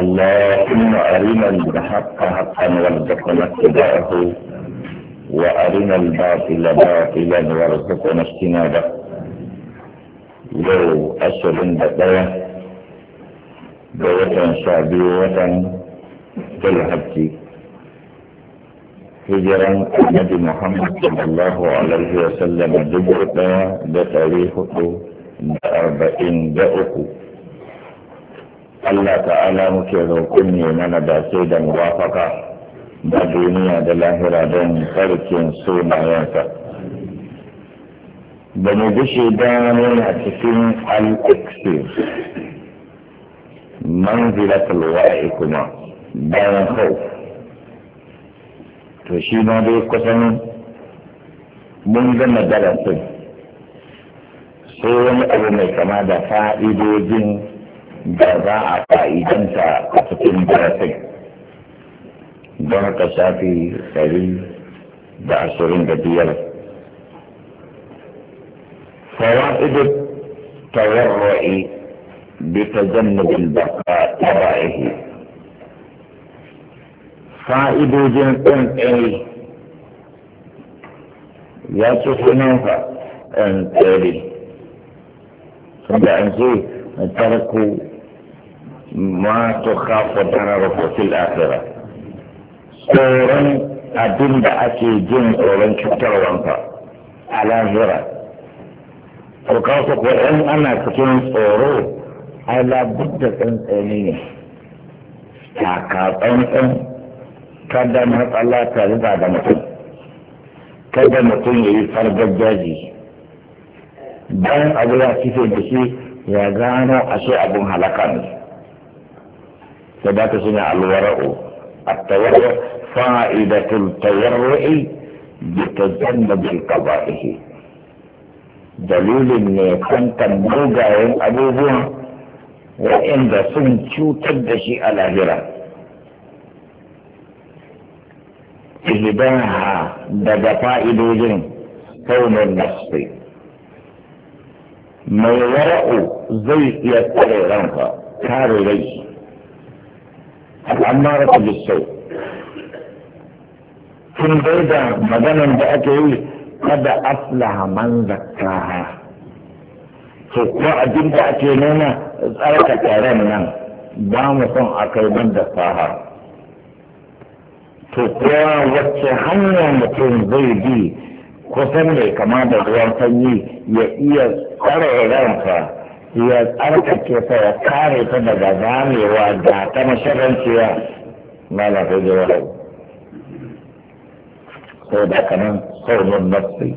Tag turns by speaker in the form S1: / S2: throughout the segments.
S1: اللهم أرنا الحق حقا وارزقنا اتباعه وأرنا الباطل باطلا وارزقنا اجتنابه لو أشهر بداية بوطن شعبي وطن تلحبتي هجرا النبي محمد صلى الله عليه وسلم دبرتا بتاريخه بأربعين دقيقة Allah ta'ala muke roƙon ne mana da sai da muwafaka da duniya da lahira don farkin sunayensa. Da mu gushe don a cikin al-iksir manzilatul a kuma bayan hau. To shi ma dai kusan mun gama darasin sai wani abu mai kama da fa'idojin da za a fa'idanta a cikin darasin don ka shafi ɗari da ashirin da biyar فوائد التورع بتجنب البقاء تبعه فائد جنب اي يا تفنوها ان تري ثم انتي تركوا ma to kafa dararu fil akhirah tsoron abin da ake jin tsoron cutarwanka a lahira to kafa ko in ana cikin tsoro ai labudda tsantsani ne taka tsantsan kada matsala ta riga da mutum kada mutum ya yi fargar daji don abu ya kife da shi ya gano ashe abun halaka ne فذاك سنة الورع التورع فائدة التورع بتجنب القضائه dalilin ne kankan mugayen abubuwan waɗanda sun cutar da shi a lahira. Ihidaha daga fa'idojin kaunin nafsi. Mai wara'u zai iya tsare ranka, kare rai. al'amara bisau Tun dai da maganar da aka yi kada aflaha man zakkaha to ko abin da ake nuna tsarka taron nan ba mu son a kai man da saha to kuwa wacce hanya mutum zai bi kusan mai kama da ruwan sanyi ya iya tsara ranka ya tsarkake ta ya kare ta daga zamewa da ta mashaganciya na lafi da wahai ko da kanan saurin nafsi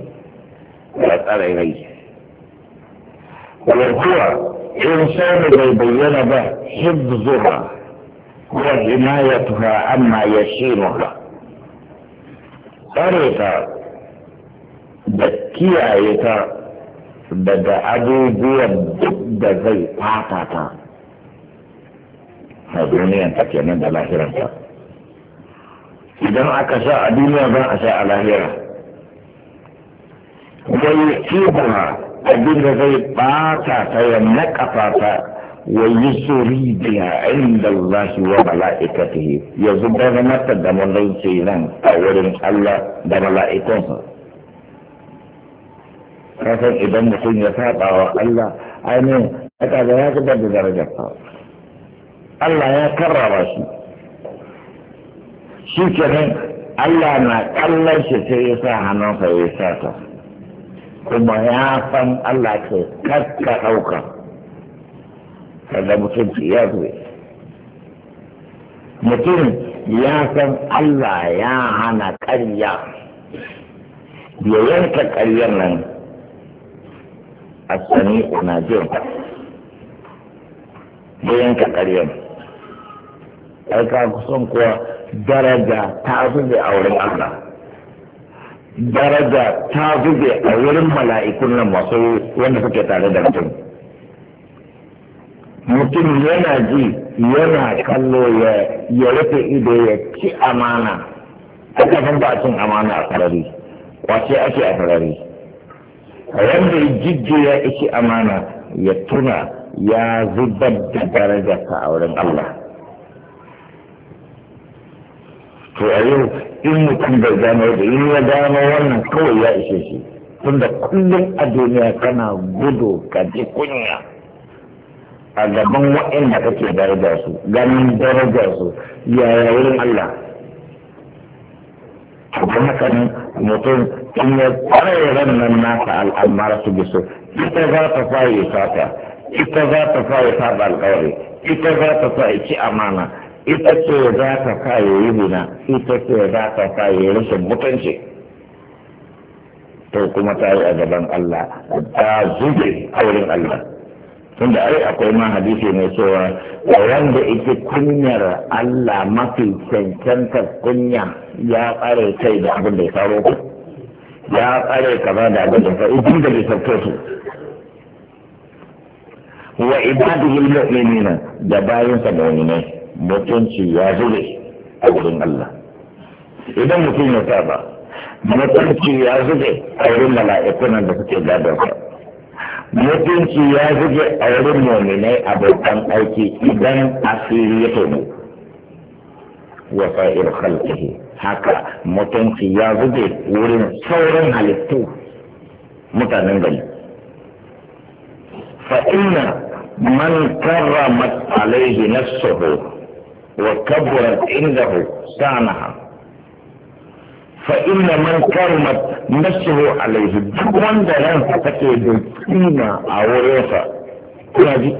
S1: ya tsare rai walkuwa in sauri bai bayyana ba hibzuha ko hinayatuha amma yashinuha tsare ta da kiyaye ta daga abubuwan duk da zai fata ta a duniyan ta kenan da lahiranta idan aka sha a duniya ban a sha a lahira wai kibaha abin da zai bata ta ya naƙafa ta wa yi suri biya inda Allah wa mala'ikatihi ya zubar mata da mulai nan a wurin Allah da mala'ikunsa. kasan idan mutum ya saba wa Allah ainihin aka ga ya zubar da darajar sa Allah ya karrama shi shi kenan Allah na kallon shi sai ya sa hannunsa ya sa ta kuma ya san Allah ke kaska ɗauka kada mutum ya zuwa mutum ya san Allah ya hana ƙarya ya yanka ƙaryar nan na ناجم bayan ka ƙaryan ai ka kusan kuwa daraja ta zube a wurin Allah daraja ta zube a wurin mala'ikun nan masu wanda suke tare da mutum mutum yana ji yana kallo ya rufe ido ya ci amana a kafin ba cin amana a sarari kwace ake a sarari wanda ya jijjiya amana ya tuna ya zubar da darajarsa a wurin Allah to a yau in mutum bai gano da in ya gano wannan kawai ya ishe shi tunda kullum a duniya kana gudu ka ji kunya a gaban waɗanda kake daraja su ganin daraja su yaya wurin Allah to haka mutum in ya tsare ran nan nasa al'amara su bisu ita za ta faye sata ita za ta faye saba alkawari ita za ta faye ci amana ita ce za ta faye yi ita ce za ta faye rashin mutunci to kuma ta yi a gaban Allah ta zube a Allah tunda ai akwai ma hadisi mai cewa wanda ita kunyar Allah mafi cancanta kunya ya tsare kai da abin da ya faro ku ya tsare ba da abin da ya faro ku da bai sauke su wa ibadihi almu'minina da bayin sa mu'minai mutunci ya zube a wurin Allah idan mutum ya saba mutunci ya zube a wurin mala'ikunan da suke gadon sa mutunci ya zube a wurin mominai abokan aiki idan asiri ya tono wa sa'ir khalqihi haka mutunci ya zube wurin sauran halittu mutanen gari fa inna man karramat alaihi nafsuhu wa kabbarat indahu sanaha فإن من كرمت نفسه عليه duk wanda ransa take da kima a wurinsa kuna ji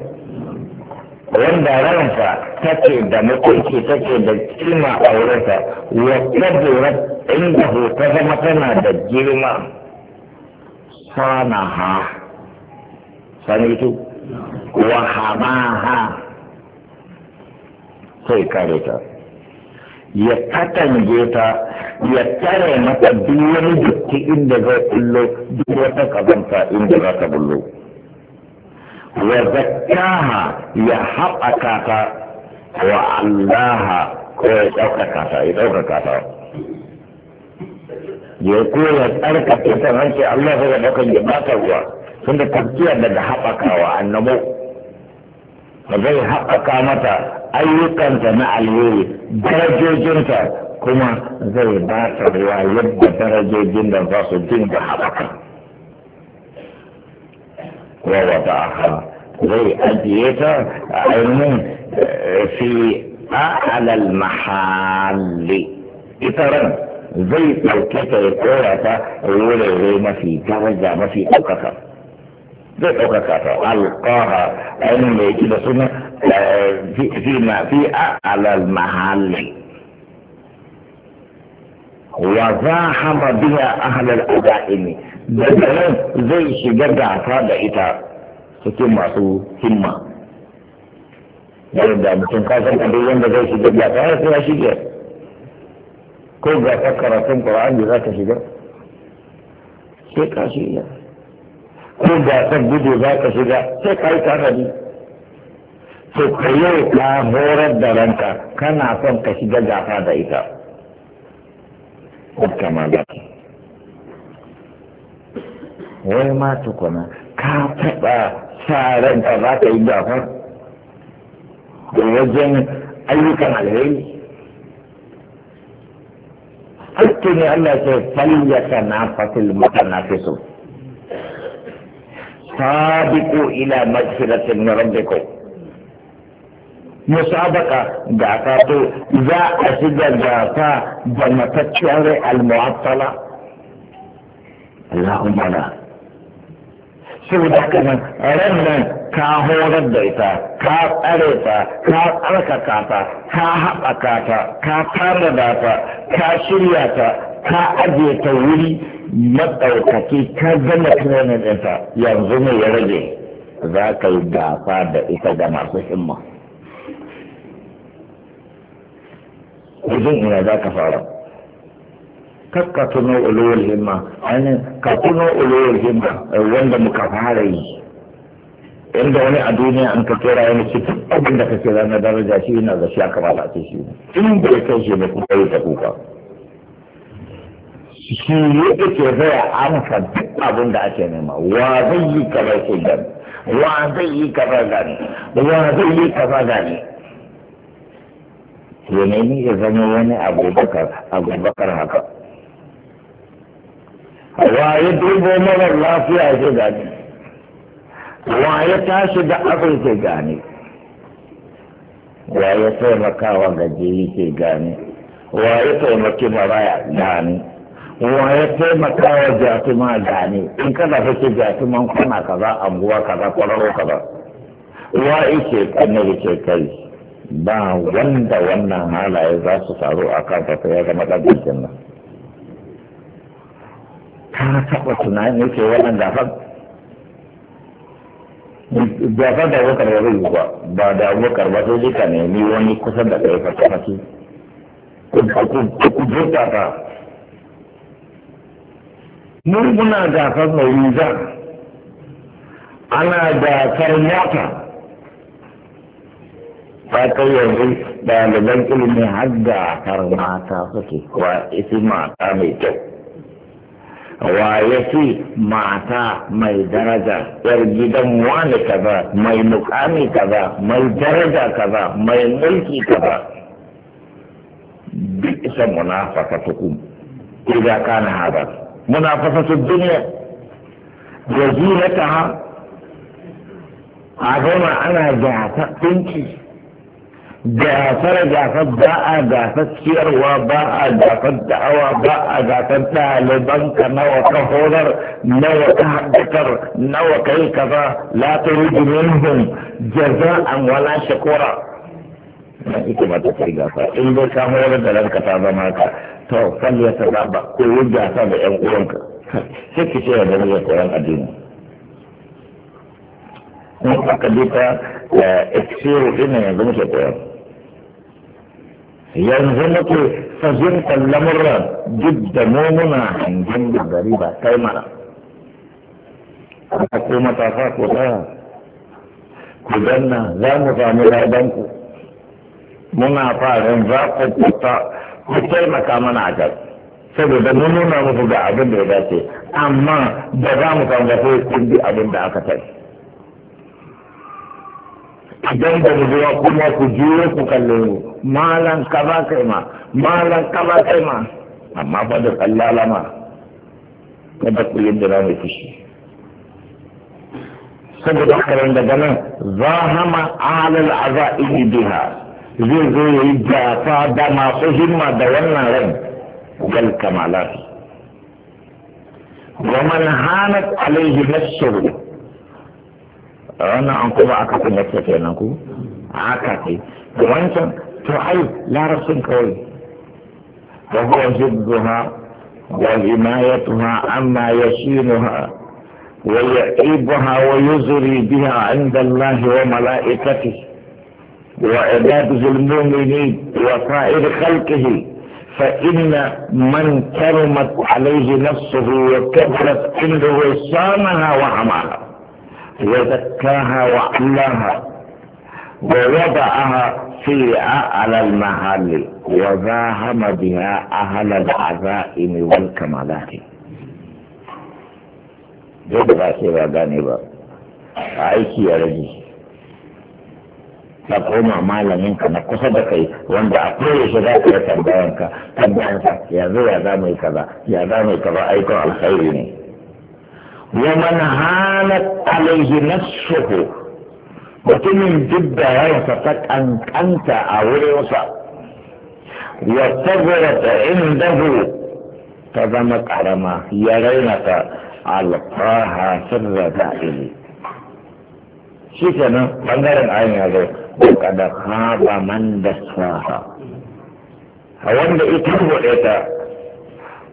S1: wanda ransa take da mutunci take da kima a wurinsa wa kadurat ta zama tana da girma sanaha sai kare ta ya katange ta ya tare mata duk wani dukki inda zai kullo duk wata kazanta inda za ta bullo wa zakkaha ya haɓaka ta wa allaha ko ya ɗaukaka ta ya ɗaukaka ta ya koya tsarkake ta ranke Allah zai ɗaukan ya ba ta ruwa tunda tafiya daga haɓakawa annabo zai haɓaka mata ayyukanta na alheri darajojinta kuma zai ba ta ruwa yadda darajojin da za su dinga haɓaka wa wata zai ajiye ta a ainihin fi a'alal mahalli ita ran zai ɗauke ta ya tsora ta wurare mafi daraja mafi ɗaukaka ذو كثرة القاها لأن ما يجي بسنا آه، في في ما في على المحل وذا بها أهل الأداء إني بدل زي شجرة فاد إتا سكين مسو هما بدل ده بس كذا كبيرين بدل زي شجرة فاد إتا شجرة كل ذا فكر سمع القرآن بذاك شجرة شجرة ko gasar gudu za ka shiga sai ka yi tanadi to ka yau ka horar da ranka kana son ka shiga gasa da ita kama da wai ma tukuna ka taɓa sa ranka za ka yi gasa da wajen ayyukan alheri hakki ne Allah ce falyata na fasil mutanafisu sabiqu ila maghfiratin min rabbikum مسابقة دعاتو إذا أسد دعاتا جمتتشعر المعطلة اللهم لا saboda haka nan ran nan ka horar da ita ka tsare ta ka tsarkaka ta ka haɓaka ta ka tanada ta ka shirya ta ka ajiye ta wuri maɗaukaki ka gama tunanin ɗinta yanzu ne ya rage za ka yi gafa da ita ga masu himma wajen ina za ka fara Kakka ka tuno uluwar himma ainihin ka tuno uluwar himma wanda muka fara yi inda wani a duniya an ka kera yana ci abin da kake ranar daraja shi yana da shi ya kamata a ce shi in bai kai shi ne kuma yi ta kuka shi yake zai amsa duk abin da ake nema wa zai yi kaza ke gani wa zai yi kaza gani wa zai yi kaza gani yanayi ya zama wani abubakar abubakar haka wa ya dubo marar lafiya ya gani wa ya tashi da abin ke gani wa ya taimakawa gajeri ke gani wa ya taimaki maraya gani wa ya taimaka wa jatuma gane in kada kake jatuman kuna kaza anguwa kaza kwararo kaza wa ike da ke kai ba wanda wannan halaye za su faru a kan ta ya zama ɗan nan Ta taɓa tunanin yake wannan dafa. gafan da abokar ba zai ba ba da abokar ba sai ka nemi wani kusa da ɗaya ka tafi ku ku ku ku mu muna gasar mawuza ana gasar mota fatar yanzu ɗaliban ilimi har gasar mata suke wa isi mata mai kyau wa ya ce mata mai daraja yar gidan wani kaza mai mukami kaza mai daraja kaza mai mulki kaza Duk isa munafaka tukum idan kana haɗa منافسة الدنيا جزيلتها عظيمة أنا جعفة تنكي جعفة جعفة باء جعفة سيروا باء جعفة دعوة باء جعفة لبنك نوى كفولر نوى كهدكر نوى كيكذا لا تريد منهم جزاء ولا شكورا na ita ba ta kai gasa in dai ka horar da ranka ta zama ka to fal ya ta zaba ko yi gasa da yan uwanka sai ki ce ya zama ya koran addini in aka duka eksiru eh, ɗin yanzu muke koyar yanzu muke fahimtar lamurran duk da mu muna hangen da gari ba kai mana A ko matasa ko tsaya ku danna za mu samu ladanku muna farin za ku kuta ku taimaka mana a kan saboda mun nuna musu da abin da ya dace amma da za mu kan gafe kun bi abin da aka tafi idan da mu zuwa kuma ku juyo ku kalle mu malan kaza kai ma malan kaza kai ma amma ba da ma kada ku yi da mai fushi saboda haka daga nan hama alal aza'i biha zai zo ya yi jafa da masu himma da wannan rai gal kamalafi wa man hanat alaihi nafsuhu wannan an kuma aka fi nafsa kenan ku aka ce da wancan to ai larabcin kawai wa huwa jidduha wa himayatuha amma yashinuha ويعيبها ويزري بها عند الله وملائكته وعباد المؤمنين وسائر خلقه فإن من كرمت عليه نفسه وكبرت عنده صامها وعماها وزكاها وعلاها ووضعها في أعلى المحل وزاهم بها أهل العزائم والكمالات duk ba sai ba gane ba ka koma malamin ka na kusa da kai wanda a koyaushe za ka yi tambayan ka tambayan ka yanzu ya za mu yi kaza ya za mu yi kaza aikon alkhairi ne wa man halat alaihi nafsuhu mutumin duk da yawansa ta kankanta a wurinsa wa tabbata indahu ta zama karama ya raina ta alfaha sirra da'ili shi kenan bangaren ayin ya zai وقد خاب من دساها wanda ita buɗe ta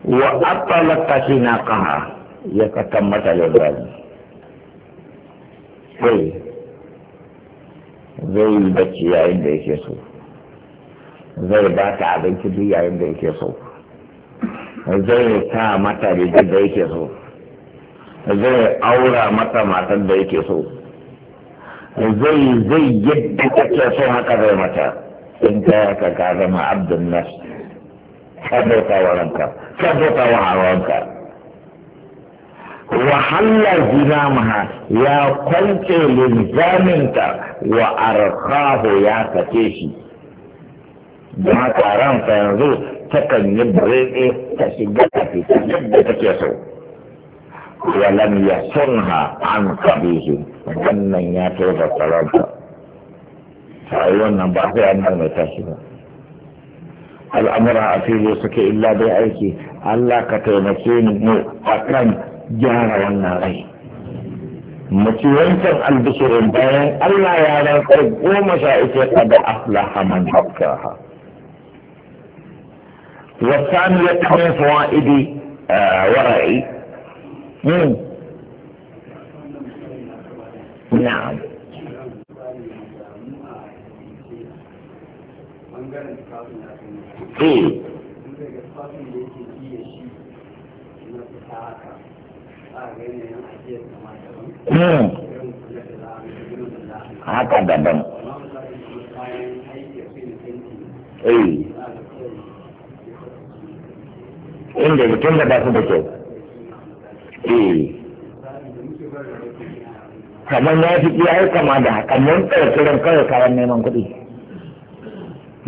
S1: wa atalaka sinaqaha ya katan mata lalbani kai zai yi bacci yayin da yake so zai ba ta abinci duk yayin da yake so zai sa mata rigar da yake so zai aura mata matar da yake so زي زي يدك كيسوها كذا متى انت كذا ما عبد النفس كبرت ورمك كبرت وعرمك وحل زمامها يا قلت لزامنك وأرخاه يا كتيشي ما كرمت ينظر تكن يبرئ تشجعك تجد تكيسوه Wa lanyan son ha an samu Wannan ya tafi da salama. wannan ba sai an nan me tashina. Al'amura a fili da suka illa dai aiki. Allah ka taimaki ni mu a kan gyara wannan aiki. Mu ci wancan Allah ya yi ra'a ko goma sha isa da asala haman haskaha. Wasu wani ya taimaka wa ido a yare. na'am eh haka daban eh inda jikin da ba su da kyau eh kamar ya fi iya kama da kamar tsarkirin kawai kayan neman kuɗi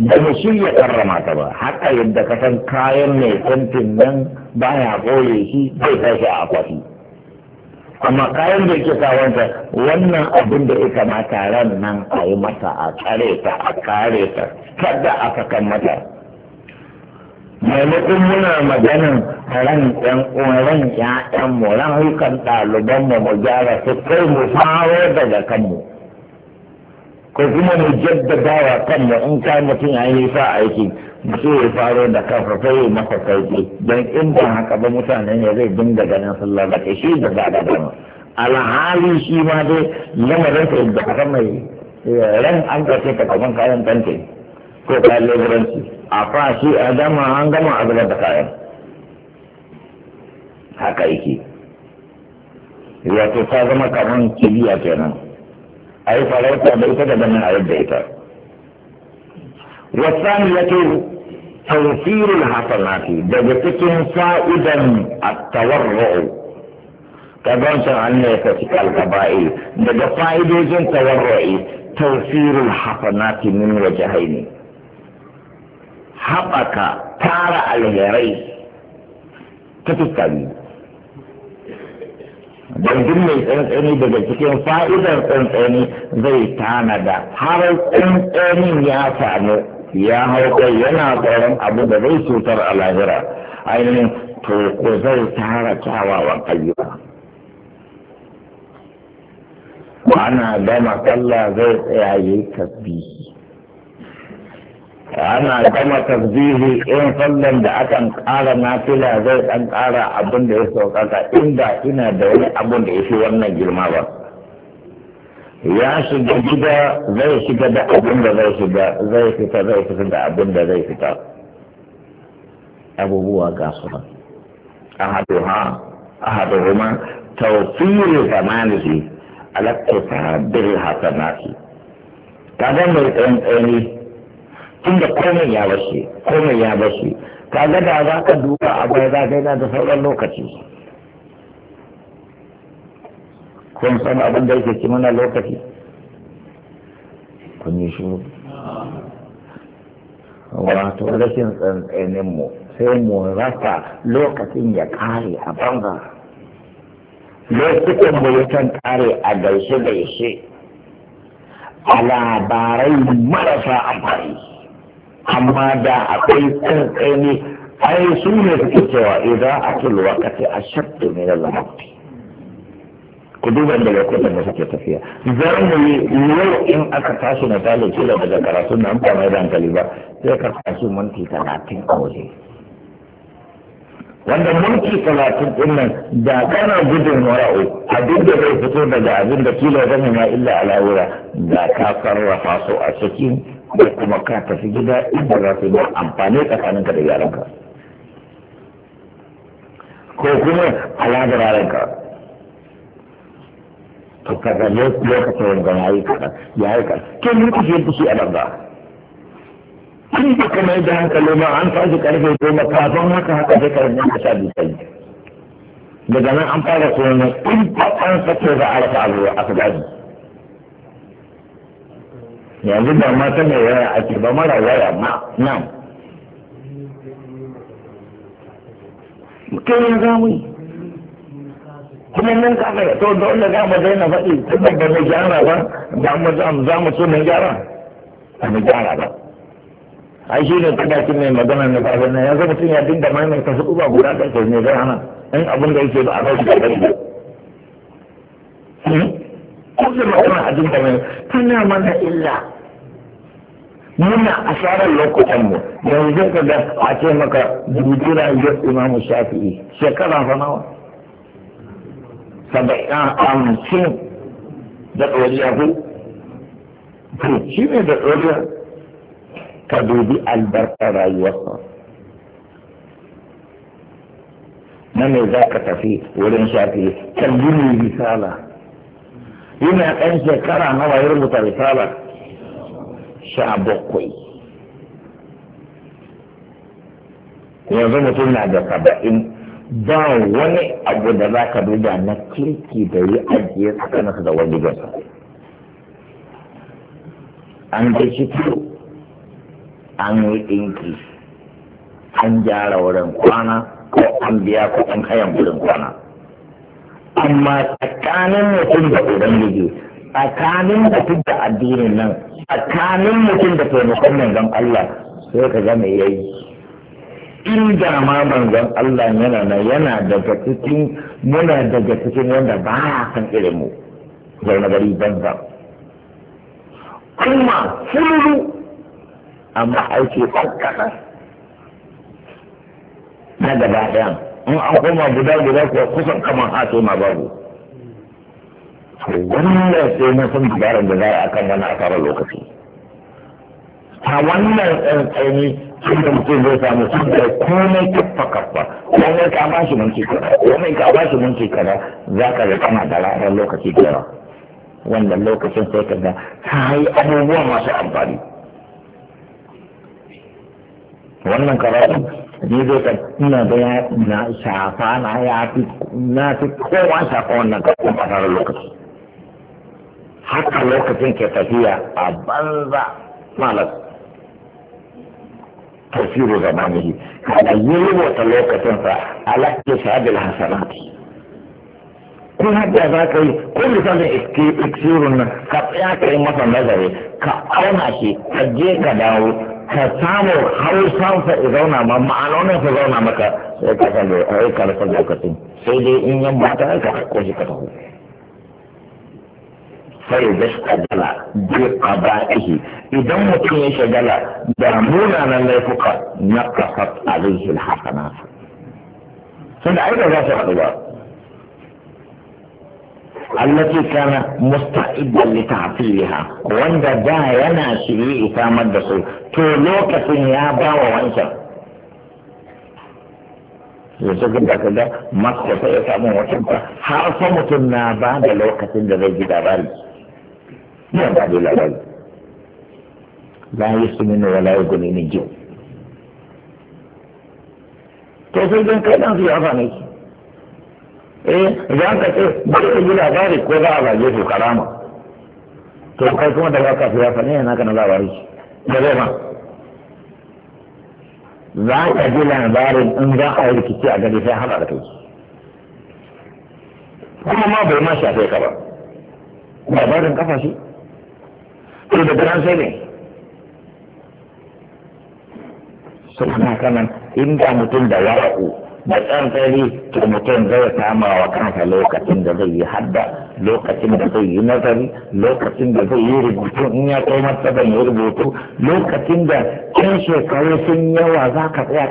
S1: da mu shi ya karrama ta ba haka yadda ka san kayan mai kantin nan ba ya kore shi zai tashi a akwati amma kayan da ke kawanta wannan abin da ya kamata ran nan a yi mata a tsare ta a kare ta kada a sakan mata maimakon muna maganin ran yan ran ya'yan mu ran hukan ɗaliban mu mu gyara su kai mu faro daga kanmu ko kuma mu jaddada wa kanmu in kai mutum ya yi sa aiki mutum ya faro da kansa sai ya masa sauki don in haka ba mutanen ya zai dinga ganin sallah lalata shi da za da mu alhali shi ma dai lamarin sa da mai eh, ran an ka ce ka kaman kayan tante ko kayan leburanci a fashi a dama an gama a zubar da kayan haka yake wato ta zama kamar kibiya kenan a yi farauta da ita da ganin a yadda ita wasani ya ce tawfirul hasanati daga cikin fa'idan at-tawarru'u kaban san an ne ka cika al-qaba'il daga fa'idojin tawarru'i tawfirul hasanati min haini. haɓaka tara alherai ta fuska dangin mai tsantsani daga cikin fa'idar tsantsani zai da har tsantsanin ya samu ya hau kai yana tsoron abu da zai cutar a lahira ainihin to ko zai tara kyawawan ayyuka ana gama sallah zai tsaya yi tasbihi ana gama tasbihi in sallan da akan ƙara nafila zai ɗan ƙara abin da ya sauƙaƙa inda ina da wani abin da ya fi wannan girma ba ya shiga gida zai shiga da abin da zai shiga zai fita zai fita da abin da zai fita abubuwa ga su nan ahaduha ahaduhuma tawfiru zamanihi ala tasabbil hasanati kaga mai ɗan ɗani tunda komai ya bashi komai ya bashi ga da za ka duba a baya za ka yana da sauran lokaci kun san abin da yake ci mana lokaci kun yi shi wato rashin tsantsanin mu sai mu rasa lokacin ya kare a banga, lokacin mu yakan kare a gaishe gaishe a labarai marasa amfani amma da akwai kan tsaini ai su ne suke cewa idan akil wakati a shaddu ne da mawti ku duba daga kudin da suke tafiya za mu yi yau in aka tashi na dalil kila daga karatu na amfa da dankali ba sai ka tashi minti talatin a waje wanda minti talatin din nan da kana gudun wara'u duk da zai fito daga abin da kila yi ma illa alawura da ka sarrafa su a cikin da kuma ka tafi gida inda za su yi amfani tsakaninka da yaranka ko kuma a yada yaranka to kaga lokacin wanda ya yi kaɗan ya yi kaɗan ke lokacin fushi a banza in da kuma da hankali ma an tashi karfe goma kafin haka haka zai karfe ka sha biyu sai daga nan an fara sunan in ba an sake za a rasa abu a su gaji yanzu da ma mai waya ake ba mara waya ma nan kai ya zamu yi kuma mun ka ga to dole za mu daina faɗi tunda ba mu gyara ba da mu za mu so mu gyara ba mu gyara ba ai shi ne kada kin mai magana ne ba na yanzu mutum ya dinga mai kasu ba guda da kai ne zai hana in abin da yake ba a ba da kai kullum magana a dinga mai tana mana illa muna asarar lokutanmu yanzu ka ga a ce maka dubi rayuwar imamu shafi'i shekara fa nawa saba'in hamsin da ɗoriya ku to shi ne da ɗoriya ka dubi albarkar rayuwarsa na ne za ka tafi wurin shafi'i kan yi risala yana ɗan shekara nawa ya rubuta risala sha bakwai yanzu mutum na da saba'in ba wani abu da za ka duba na kirki da yi ajiye tsakaninsa da wani gasa an ga shi an yi inki, an gyara wurin kwana ko an biya kuɗin hayan wurin kwana amma tsakanin mutum da ubangiji tsakanin mutum da addinin nan tsakanin mutum da taimakon manzon Allah sai ka ga me yayi inda ma manzon Allah yana nan yana daga cikin muna daga cikin wanda ba kan san irin mu zaune gari banza
S2: kuma fululu
S1: amma aiki kankana na gaba ɗayan in an koma guda guda kuwa kusan kamar hato ma babu wannan sai mun san dabaran da za a kan wani asarar lokaci ta wannan ɗan tsaini sun da mutum zai samu sun da komai kafa kafa komai ka ba shi minti kaza komai ka ba shi minti kaza za ka ga kana da ranar lokaci da yawa wannan lokacin sai ka ga ta yi abubuwa masu amfani wannan karatu ni zai ka ina da ya shafa na ya fi na fi kowa shafa wannan karatu a ranar lokaci haka lokacin ke tafiya a banza malas tasiru zamanihi kada yi wata rubuta lokacinsa alaƙi shahadar hasanati Kun hajja za ka yi ko misalin iksirun nan ka tsaya ka yi masa nazari ka auna shi ka je ka dawo ka samu hausansa ya zauna ma ma'anonin sa zauna maka sai ka san da aikar sa lokacin sai dai in yamma ta aika ko shi ka taho sai ya shiga gala bi qada ihi idan mutum ya shiga gala da muna nan laifuka na kafat alaihi alhasana sai ai da zasu hadu ba التي كان مستعدا لتعطيلها وان دا ينا شري إثامة دخول تو لوكة نيابة وانشا يسوك دا كده مكتب يسامو وشبه حرصمت النابة دا لوكة دا غيجي دا غالي ba ba da labari la yi su mini wala ya gani min jiyo to sai don kai dan su ya fane ki eh za ka ce ba ka ji labari ko za a zage su karama to kai kuma daga ka ya ya ne yana kana labari da zai ma za ka ji labarin in za a yi rikici a gari sai haɗa da kai kuma ma bai ma shafe ka ba labarin kafa shi to daga nan sai ne kanan inda mutum da ya'u da tsantsari to mutum zai kama wa kansa lokacin da zai yi hadda lokacin da zai yi nazari lokacin da zai yi rubutu in ya kai martaban yi rubutu lokacin da kin shekaru sun yawa za ka kai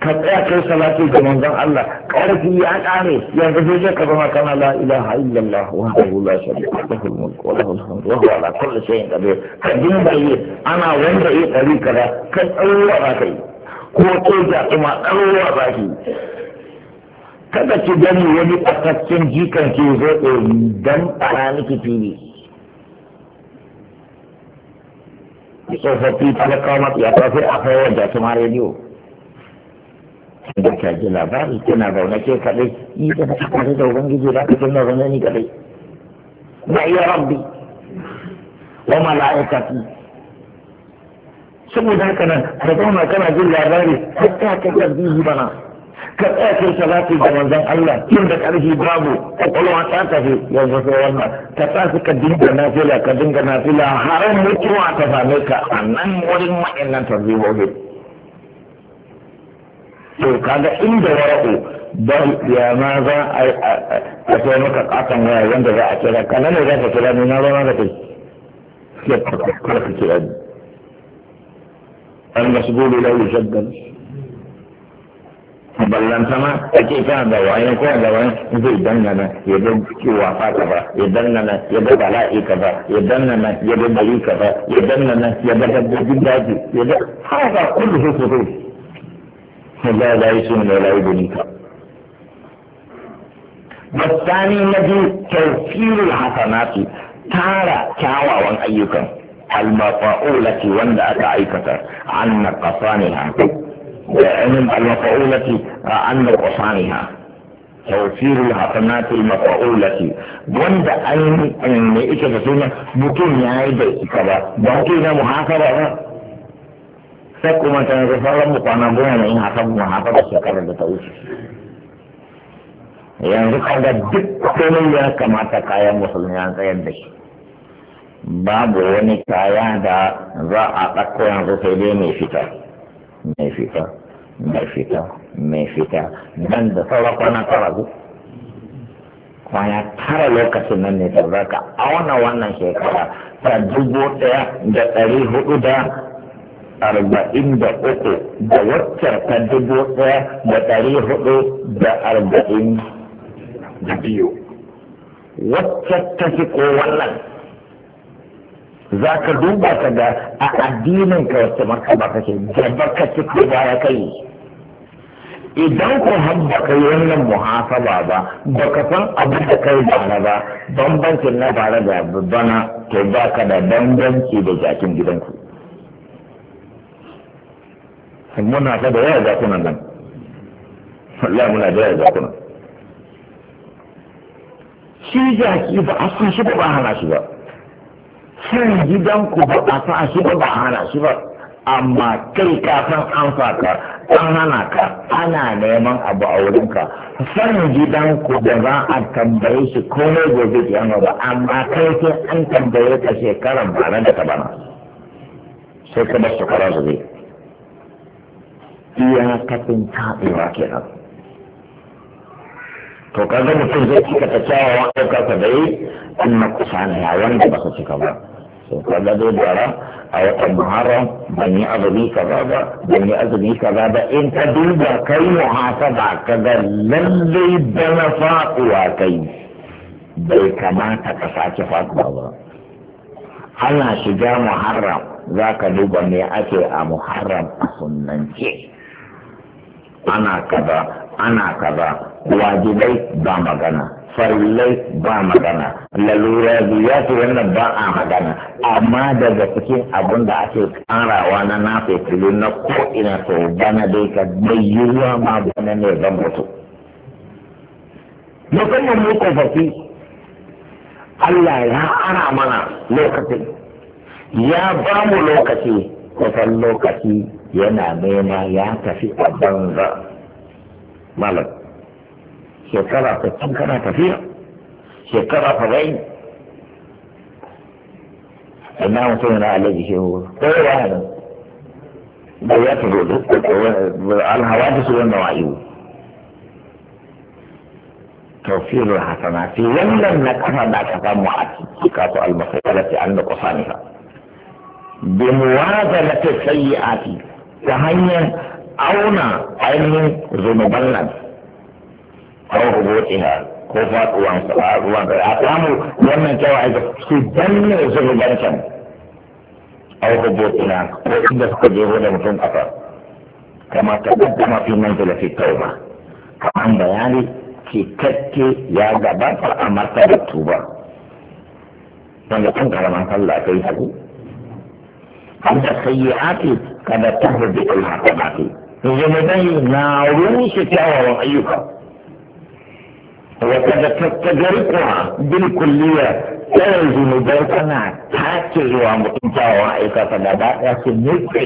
S1: ka tsaya kai salati ga manzon Allah ƙarfi ya ƙare, yanzu sai sai ka zama kana la ilaha illallah wa la sharika lahu al-mulku wa lahu al-hamdu wa huwa ala kulli shay'in qadir ka dinga yi ana wanda yi dari kaza ka tsawo ba kai ko tsoja kuma tsawo ba ki kada ki gani wani tsakaccen jikan ki zo dan tsara miki fili tsofaffi talakawa matsiyata sai a kai wajen su ma rediyo da ka ji labari kina zaune ke kaɗai ni da na tare da ubangiji za ka kina zaune ni kaɗai na iya rabbi wa mala'ikati saboda haka nan ka zauna kana jin labari har ka ka tarbihi bana ka tsaya kai salati da manzon Allah tun da ƙarfi babu kwakwalwa ta tafi yanzu sai wannan ka sa su ka dinga nafila ka dinga nafila haram mutuwa ta same ka a nan wurin wa'annan tarbihohi to kaga inda wara'u dan ya ma za a kai maka katon waya wanda za a kira kana ne za ka kira ni na zama da kai ya kar ka kira ni an masbulu la yujaddal ballantana a ce kana da wayan ko da wayan zai dangana ya ga cewa fa ka ba ya dangana ya ga bala'i ka ba ya dangana ya ga bari ka ba ya dangana ya ga dabbobin daji ya ga haka kullu su su Allah ya yi sun lura yi gani ka. Bastani na biyu tafirul hasanatu tara kyawawan ayyukan almafa'ulati wanda aka aikata an na kasa ne ha. Da yanin almafa'ulati a an na kasa ne ha. Tafirul wanda ainihin ne ita da suna mutum ya yi da ita ba. Ba ku yi na muhasara ba. sai kuma ta yanzu sauran mu kwana goma ne in hakan mu da shekarar da ta wuce yanzu kaga duk komai ya kamata kayan musulmi an tsayar da shi babu wani kaya da za a ɗakko yanzu sai dai mai fita mai fita mai fita mai fita nan da sauran kwana tara ku kwana tara lokacin nan ne ta zaka auna wannan shekara ta dubu ɗaya da ɗari hudu da arba'in da uku da waccan ta dubu daya da ɗari hudu da arba'in da biyu wacce ta fi ko wannan za ka duba ka ga a addinin ka wacce maka ba kake gaba ka ci ko baya kai idan ku har ba kai wannan muhasaba ba ba ka san abin da kai bara ba bambancin na bara da bana to ba ka da bambanci da jakin gidanku muna ta da yawa zakunan nan wallahi muna da yawa zakunan shi jaki ba a san shi ba ba hana shi ba san ku ba a san shi ba ba hana shi ba amma kai kafin an faka an hana ka ana neman abu a wurinka san ku da za a tambaye shi komai gobe yana ba amma kai sai an tambaye ka shekaran ba nan da ta bana sai ka bar shekara zube iyakacin taɗewa kenan to kaga mutum zai cika ta kyawawan ayyukansa da yi kuma kusa ne a wanda ba su cika ba to kaga zai bara a watan muharram ban yi azumi kaza ba ban yi azumi kaza ba in ka duba kai muhasaba kaga lallai bana faɗuwa kai bai kamata ka sake faɗuwa ba ana shiga muharram za ka duba me ake a muharram a sunnance ana kaza ana kaza wajibai ba magana farillai ba magana lalura ya fi wannan ba a magana amma daga cikin abin da ake karawa na nafe fili na ko ina to bana dai ka bai yiwuwa ma bana ne zan mutu musamman mu kofafi Allah ya ana mana lokaci ya ba mu lokaci kusan lokaci yana nema ya tafi a banza malam shekara ta sittin kana tafiya shekara ta farai ina mutum yana alaji shi ko ya ne da ya ta tafi duk alhawa da su wannan na kafa mu a الحسنات ولن نكفى ذاك فمعت صفات المسألة عن نقصانها بموازنة السيئات ta hanyar auna ainihin zunuban nan a rubuciya ko faɗuwan ruwan a samu wannan kyawa aika su danne zunuban can a rubuciya ko inda suka jero da mutum ƙafa kama ta kaddama fi manzila fi tauba kamar bayani cikakke ya gabata a martabar tuba wanda kan karaman sallah kai hagu. Hanta sayyi'ati kada ta hudu kuma ta baki zunubai na rushe kyawawan ayyuka wata da tattagarkuwa bin kulliya tsarin zunubai tana take zuwa mutum kyawawan ayyuka ta gaba ɗaya su nutse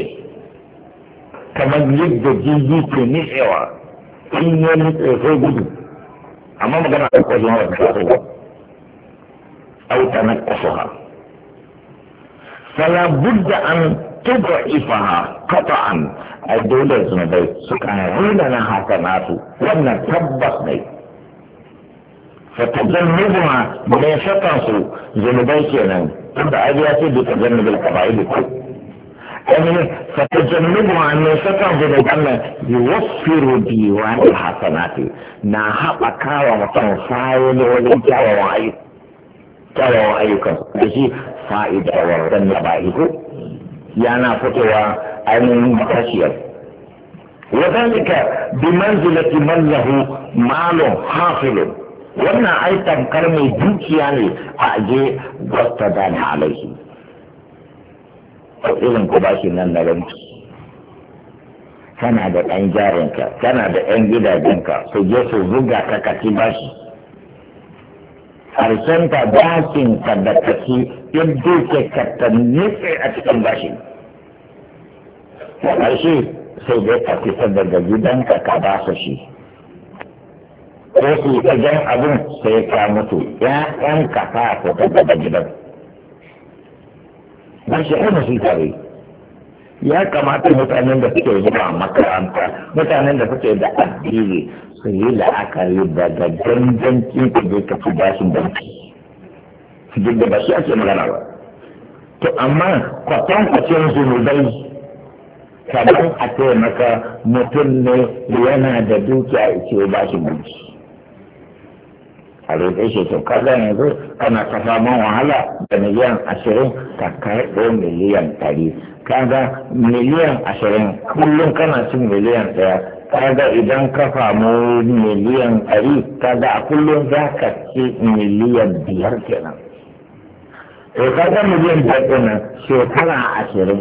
S1: kamar yadda jirgi ke nutsewa in ya nutse sai gudu amma magana a kwazo na wata kwazo ba auta na kwazo ha fala budda an tuba ifaha kata'an ai dole zunubai suka rina na hasanatu wannan tabbas ne fatajannubuha ne sakan su zunubai kenan tunda ai ya ce da bi tajannubul kaba'ir ko ai fatajannubuha ne sakan zunuban nan yuwaffiru diwanul hasanati na haɓaka wa mutum fa'ilolin kyawawan ayyukan da shi fa'idawar dan ku. yana fitowa ainihin makashiyar wadalika bi manzilati man lahu malun hafilun wannan ai tamkar mai dukiya ne a je wasta dani alaihi irin ku bashi nan na ranci kana da ɗan jarinka kana da ɗan gidajenka su je su zuga ka bashi harshen ka bashin ka da kaki yadda ke ka nutse a cikin bashin ƙarshe sai dai ka fita daga gidanka ka basa shi ko su abin sai ka mutu ya ɗan ka fa ko ka daga gidan ba shi ɗan tare ya kamata mutanen da suke zuwa makaranta mutanen da suke da addini su yi la'akari daga gangancin ku zai kafi bashin banki duk da ba shi ake magana ba to amma kwatankwacin zunubai kamar a ce maka mutum ne yana da dukiya ce bashin banki a roƙe shi to kaga yanzu kana ta samun wahala da miliyan ashirin ka karɓo miliyan ɗari kaga miliyan ashirin kullum kana cin miliyan ɗaya kaga idan ka samu miliyan ɗari kaga a kullum za ka ci miliyan biyar kenan to kaga miliyan biyar ɗin shekara ashirin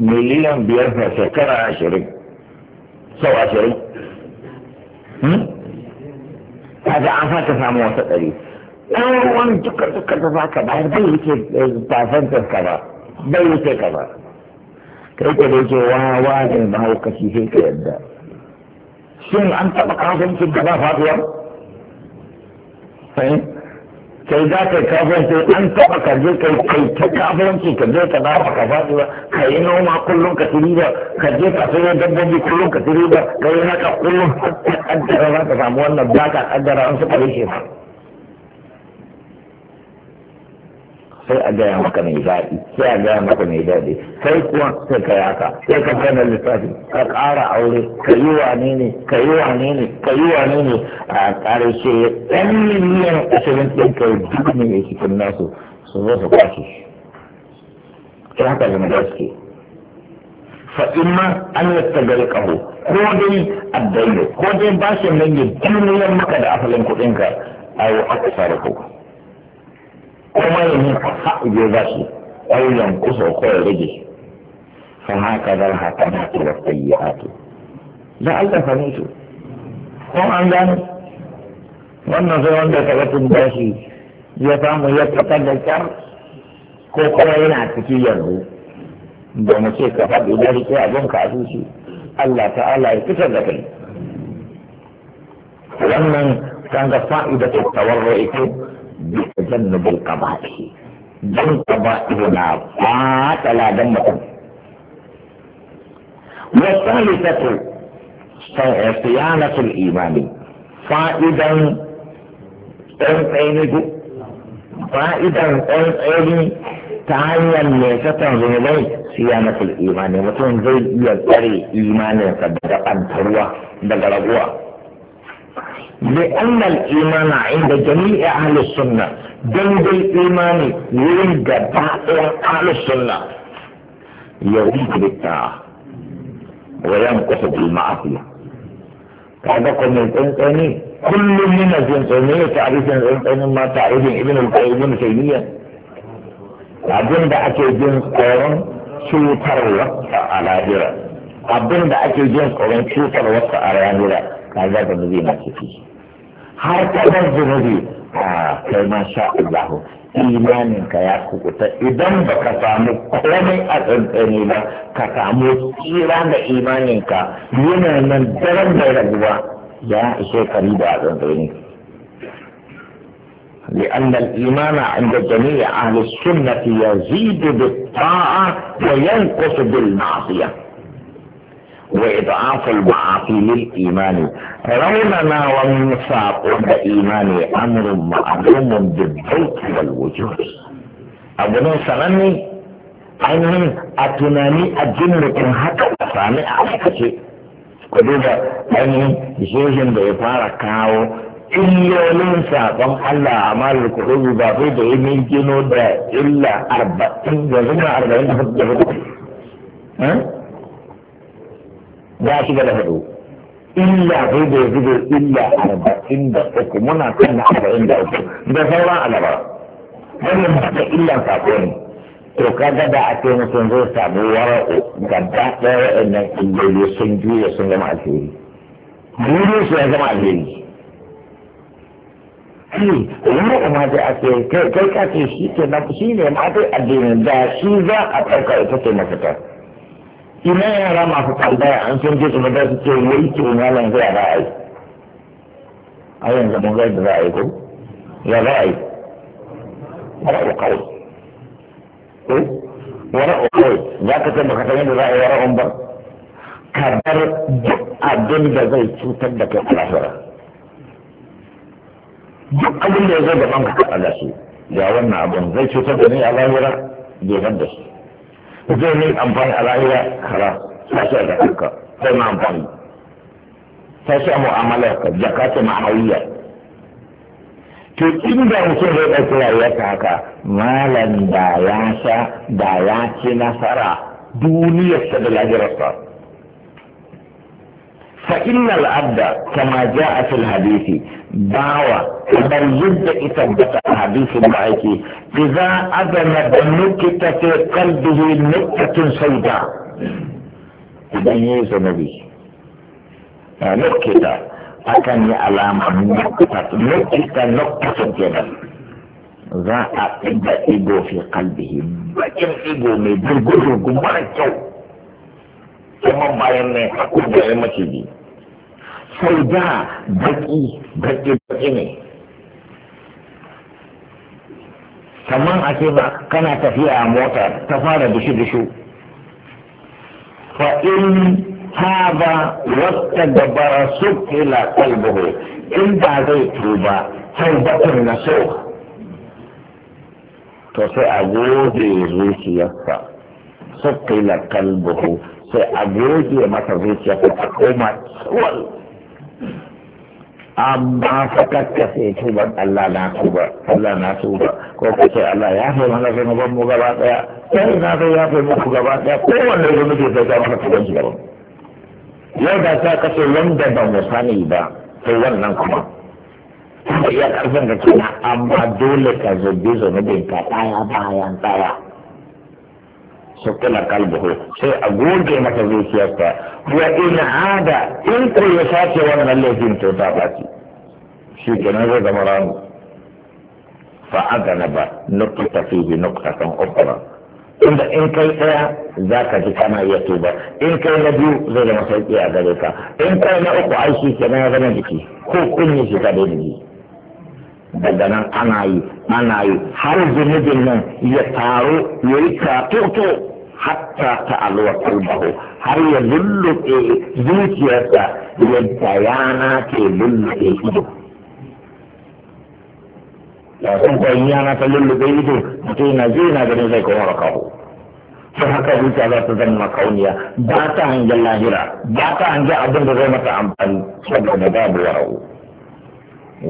S1: miliyan biyar na shekara ashirin sau ashirin hmm? kaga an sa ka samu wata ɗari ɗan ruwan duka duka da za ka bayar bai yake tafantar eh, ka ba bai wuce ka ba kai ka dai ce wa ne shi sai ka yadda shin an taba kafancin da ba sai eh? kai za ka yi an taba ka je kai kai ta kafanci ka je ka dafa ka faɗi ba ka yi noma kullum ka tiri ba ka je ka sayo dabbobi kullum ka tiri ba ka yi haka kullum ka kaddara za ka samu wannan ba ka kaddara an suka rike ba sai a gaya maka mai daɗi sai a gaya maka mai daɗi sai kuwa sai ka yi haka sai ka gana lissafi ka ƙara aure ka yi wane ne ka yi wane ne ka yi wane ne a ƙarshe ɗan miliyan ashirin ɗin ka yi duk ne ya cikin nasu su zo su kwashe sai haka zama da suke fa'imma an yasta gari ƙaho ko dai addayo ko dai bashin nan ya miliyan maka da asalin kuɗinka a yi aka sa kuma ya nufa ha'uje ba shi ƙwallon kusa ko ya rage fa haka zan haka na ce da sayyi'atu da Allah fa mutu kuma an gano wannan sai wanda ka ga tun bashi ya samu ya fita da kyar ko kuma yana ciki yanzu da mu ce ka faɗi da rike abin ka asusu Allah ta'ala ya fitar da kai wannan kan ga fa'ida ta tawarro ita بتجنب القبائح دم قبائح لا فات لا دم والثالثة صيانة الإيمان فائدا أنفينه fa'idan ɗan ta hanyar mai satan zunubai siya na imani mutum zai iya tsare imaninsa daga ɓantarwa daga raguwa لأن الإيمان عند جميع أهل السنة جنب الإيمان عند بعض أهل السنة يريد بالطاعة وينقص بالمعصية هذا قل من الإنساني كل من الجنسانية تعريف الإنسان ما تعريف ابن القيم ابن تيمية abin da ake jin tsoron cutar wasa a lahira abin da ake jin tsoron cutar هذا a lahira ka هكذا الجنبي كما شاء الله إيمانك يا كوكوتا إذن بكتامو قومي أذن تنينا كتامو إيران إيمانك لنا من درم بيرجوا يا إشي قريبا أذن تنينا لأن الإيمان عند جميع أهل السنة يزيد بالطاعة وينقص بالمعصية واضعاف المعاصي للايمان رغمنا وانصاف قد ايمان امر معلوم بالذوق والوجود ابن سلمي أنا أتناني أجن لكم حتى أسامي أسكتي كذلك أنا زوجين بإفارة كاو إلا لنسا قم ألا أعمال الكروب بابيد إمين جنود إلا أربعين وزنة أربعين حد جهد ها؟ ya shiga da hudu illa zube zube illa arba'in da uku muna kan na arba'in da uku da sauran alaba wannan da illa sako ne to kaga da a ce mutum zai samu wara'u gaba ɗaya wa'annan illoli sun juya sun zama alheri burin su ya zama alheri wani ma da ake kai ka shi ke na shi ne ma dai addinin da shi za a ɗauka ita ce mafita ina yara masu tambaya an sun ke su da su ce wai ke malam zai ba a yi a yanzu mun zai da za a yi ko ya za a yi o kawai ko o kawai za ka ce baka tanyar da za a yi wara'un ba ka bar duk abin da zai cutar da kai a duk abin da ya zai ban ka kaɗa da ya ga wannan abin zai cutar da ni a lahira bai da shi zai min amfani a rayuwa kara sashi a zakarka sai ma amfani sashi a mu'amala ka jaka ta ma'auya to inda mutum zai ɗauki rayuwa ta haka malam da ya sha da ya ci nasara duniyarsa da lahirarsa فإن العبد كما جاء في الحديث دعوة بل ضد إثبات الحديث معك إذا أذن بنكتة في قلبه نكتة سوداء إذا نبي آه، نكتة أكني ألام نكتة نكتة nukitan جدا za a ɗiga ido fi kalbihi bakin ido mai gurgurgu kuma bayan ne hakun maciji sai da baki baki baki ne kamar a ce ba kana tafiya a mota ta fara dushu dushu fa in ba wata dabara su ila kalbuhu in ba zai tuba batun na so to sai a goge zuciyarsa su ila kalbuhu sai a goge mata zuciya ko ta koma tsawal amma fa kakkafe tuban Allah na ba Allah na ba ko ku ce Allah ya fi mana zunuban mu gaba daya sai na zai ya fi muku gaba daya kowanne ke sai ta maka tuban shi gaban yau da ta kashe wanda ba mu sani ba sai wannan kuma iya karfin da kina amma dole ka zubi zunubin ka daya bayan daya shakula kalbuhu sai a goge masa zuciyarsa wa in hada in ko ya sace wannan laifin to ta baci shi kenan zai zama ranu fa agana ba nuqta fihi nuqatan ukhra inda in kai tsaya za ka ji kana iya tuba in kai na biyu zai zama sauki a gare ka in kai na uku ai shi kenan ya zama jiki ko kunni shi ka da jiki daga nan ana yi ana yi har zunubin nan ya taru ya yi katoto hatta aluwa qalbahu har ya lulluɓe zuciyarsa yadda yana ke lulluke ido Ya sun kwayi yana ta lulluke ido mutum yana zai yana ganin zai kuma rakahu sai haka zuciya za ta zama makauniya ba ta hangen lahira ba ta hangen abin da zai mata amfani saboda babu wara'u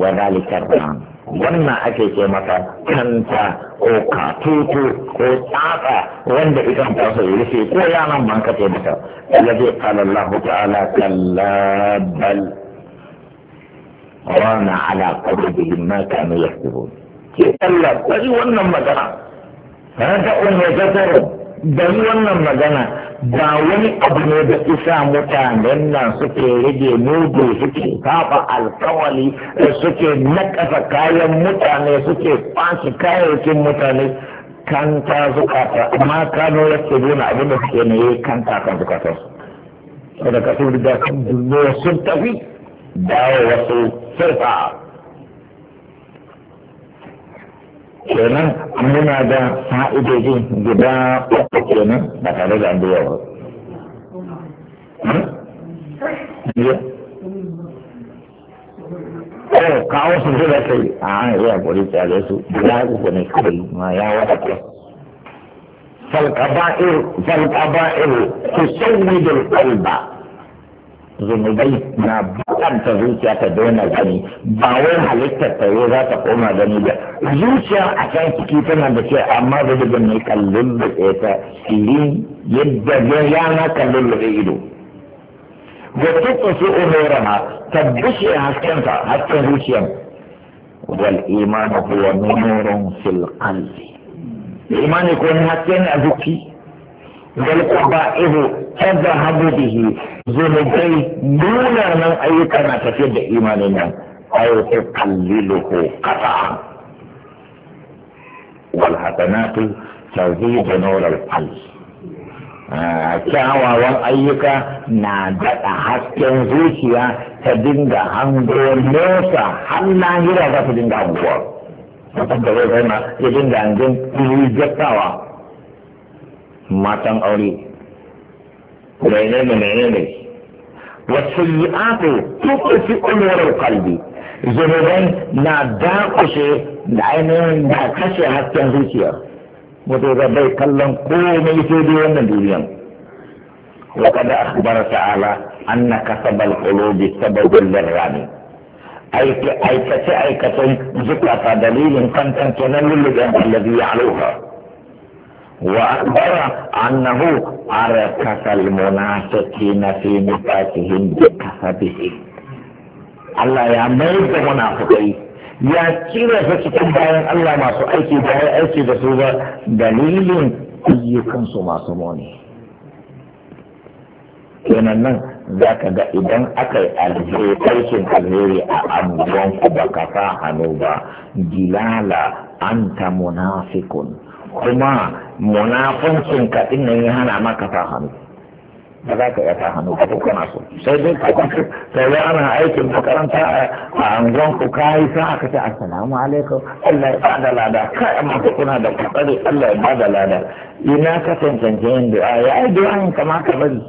S1: wa ta ran wannan ake ce mata kanta ko katutu ko tsaka wanda idan ta so yi rufe ko yanan ban ka ce mata alladhi qala Allah ta'ala kalla bal rana ala qulubihim ma kanu yasbun ke Allah bari wannan magana kada un ya dari wannan magana ba wani abu ne da isa mutanen nan suke rage mugu suke kafa alkawali da suke nakasa kayan mutane suke fashi kayayyakin mutane kanta zukata amma kano ya ce nuna abin da suke ne kanta kan zukata su da kasu da sun tafi dawo wasu sai kenan muna da fa'idodi guda uku kenan ba tare da an yawa hmm? oh, kawo kai a an su guda uku ne ma ya wata kai. zunubai na bukanta zuciya ta daina gani ba wai halittar ta za ta koma gani ba zuciya a can ciki tana da ce amma da daga mai kallon da ta filin yadda yana kallon da ido da tukka su umurana ta bushe haskenta hasken zuciyan wal imanu huwa nurun fil qalbi imani ko haske ne a zuci بالقبائه تذهب به ذنوبي دون أن أيك ما تفيد إيماننا أو تقلله قطعا والحسنات تزيد نور A kyawawan ayyuka na daɗa hasken zuciya ta dinga hango nesa har lahira za ta dinga hanguwa. Mutum da zai zama ya dinga hangin rigattawa matan aure menene menene والسيئات تطفئ نور القلب ذنوبين لا داقشي عينين داقشي حتى زوجيا وتوضا بي كلم قومي في ديوان الدنيا وقد اخبر تعالى ان كسب القلوب سبب الذران اي اي كسي اي كسي ذكرى دليل كان كان الذي يعلوها وأخبر أنه أركس المنافقين في نفاتهم بكسبهم الله يا ميت منافقين ya kira su cikin bayan Allah masu aiki da aiki da su ba dalilin ayyukansu masu muni kenan za ka ga idan aka yi alheri aikin alheri a anguwanku ba ka sa hannu ba dilala anta munafikun kuma munafuncin ka din nan ya hana maka ta hannu ba za ka iya ta hannu ba ko na so sai dai ka kwanci sai dai ana aikin makaranta a angon ku kai sa aka ce assalamu alaikum Allah ya bada lada kai amma kuna da kokari Allah ya bada lada ina ka tantance yin du'a ya ai du'a in kama ka bari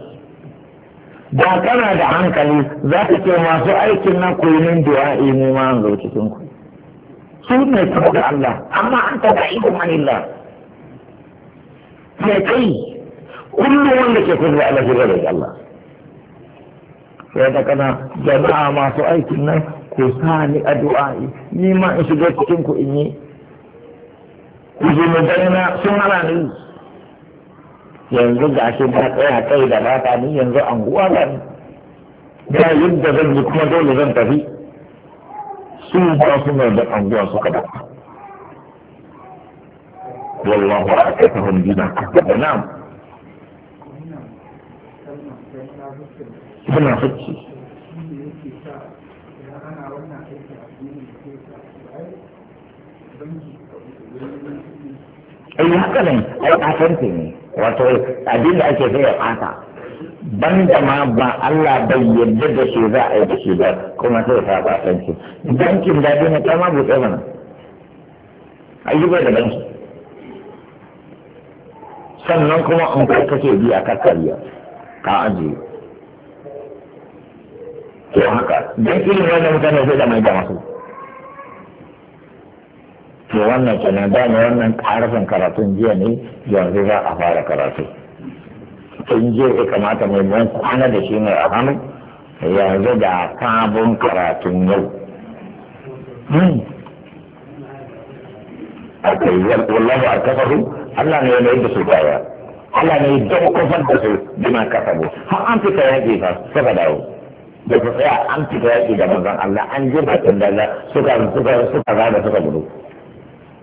S1: ba kana da hankali za ka ce masu aikin na ku yi min du'a'i eh, ne ma an zo cikin ku sun ne kuma da Allah amma an ta da ikon Allah ya kai kullum wanda ke kusa ala shi da Allah sai da kana jama'a masu aikin nan ku sa ni addu'a ni ma in shiga cikin ku in yi
S2: ku ji mu na sun
S1: hana ni yanzu ga shi ba tsaya kai da ba ni yanzu anguwa ba ni yin yadda zan yi kuma dole zan tafi su ba su mai da anguwa suka ba والله أعطتهم بما كتب نعم suna hajji
S2: ai haka ne ai
S1: kasance ne wato abin da ake sai ya fata ban da ma ba Allah bai yarda da shi za a yi da shi ba kuma sai ta kasance bankin da ne kama buɗe mana ayyuka da banki sannan kuma in kai kake bi a kariya ka aji. to haka don irin wannan mutane sai da mai da masu to wannan kenan da ne wannan karfin karatun jiya ne yanzu za a fara karatu in je ya kamata mai mun kwana da shi mai a hannu yanzu da sabon karatun yau hmm. a kai wallahi a kafaru Allah ne ya mai da su baya Allah ne ya dokofar da su bima kasabu har an fita yaƙi fa saka dawo da ku tsaya an fita yaƙi da manzon Allah an je bakin daga suka suka suka zaga suka gudu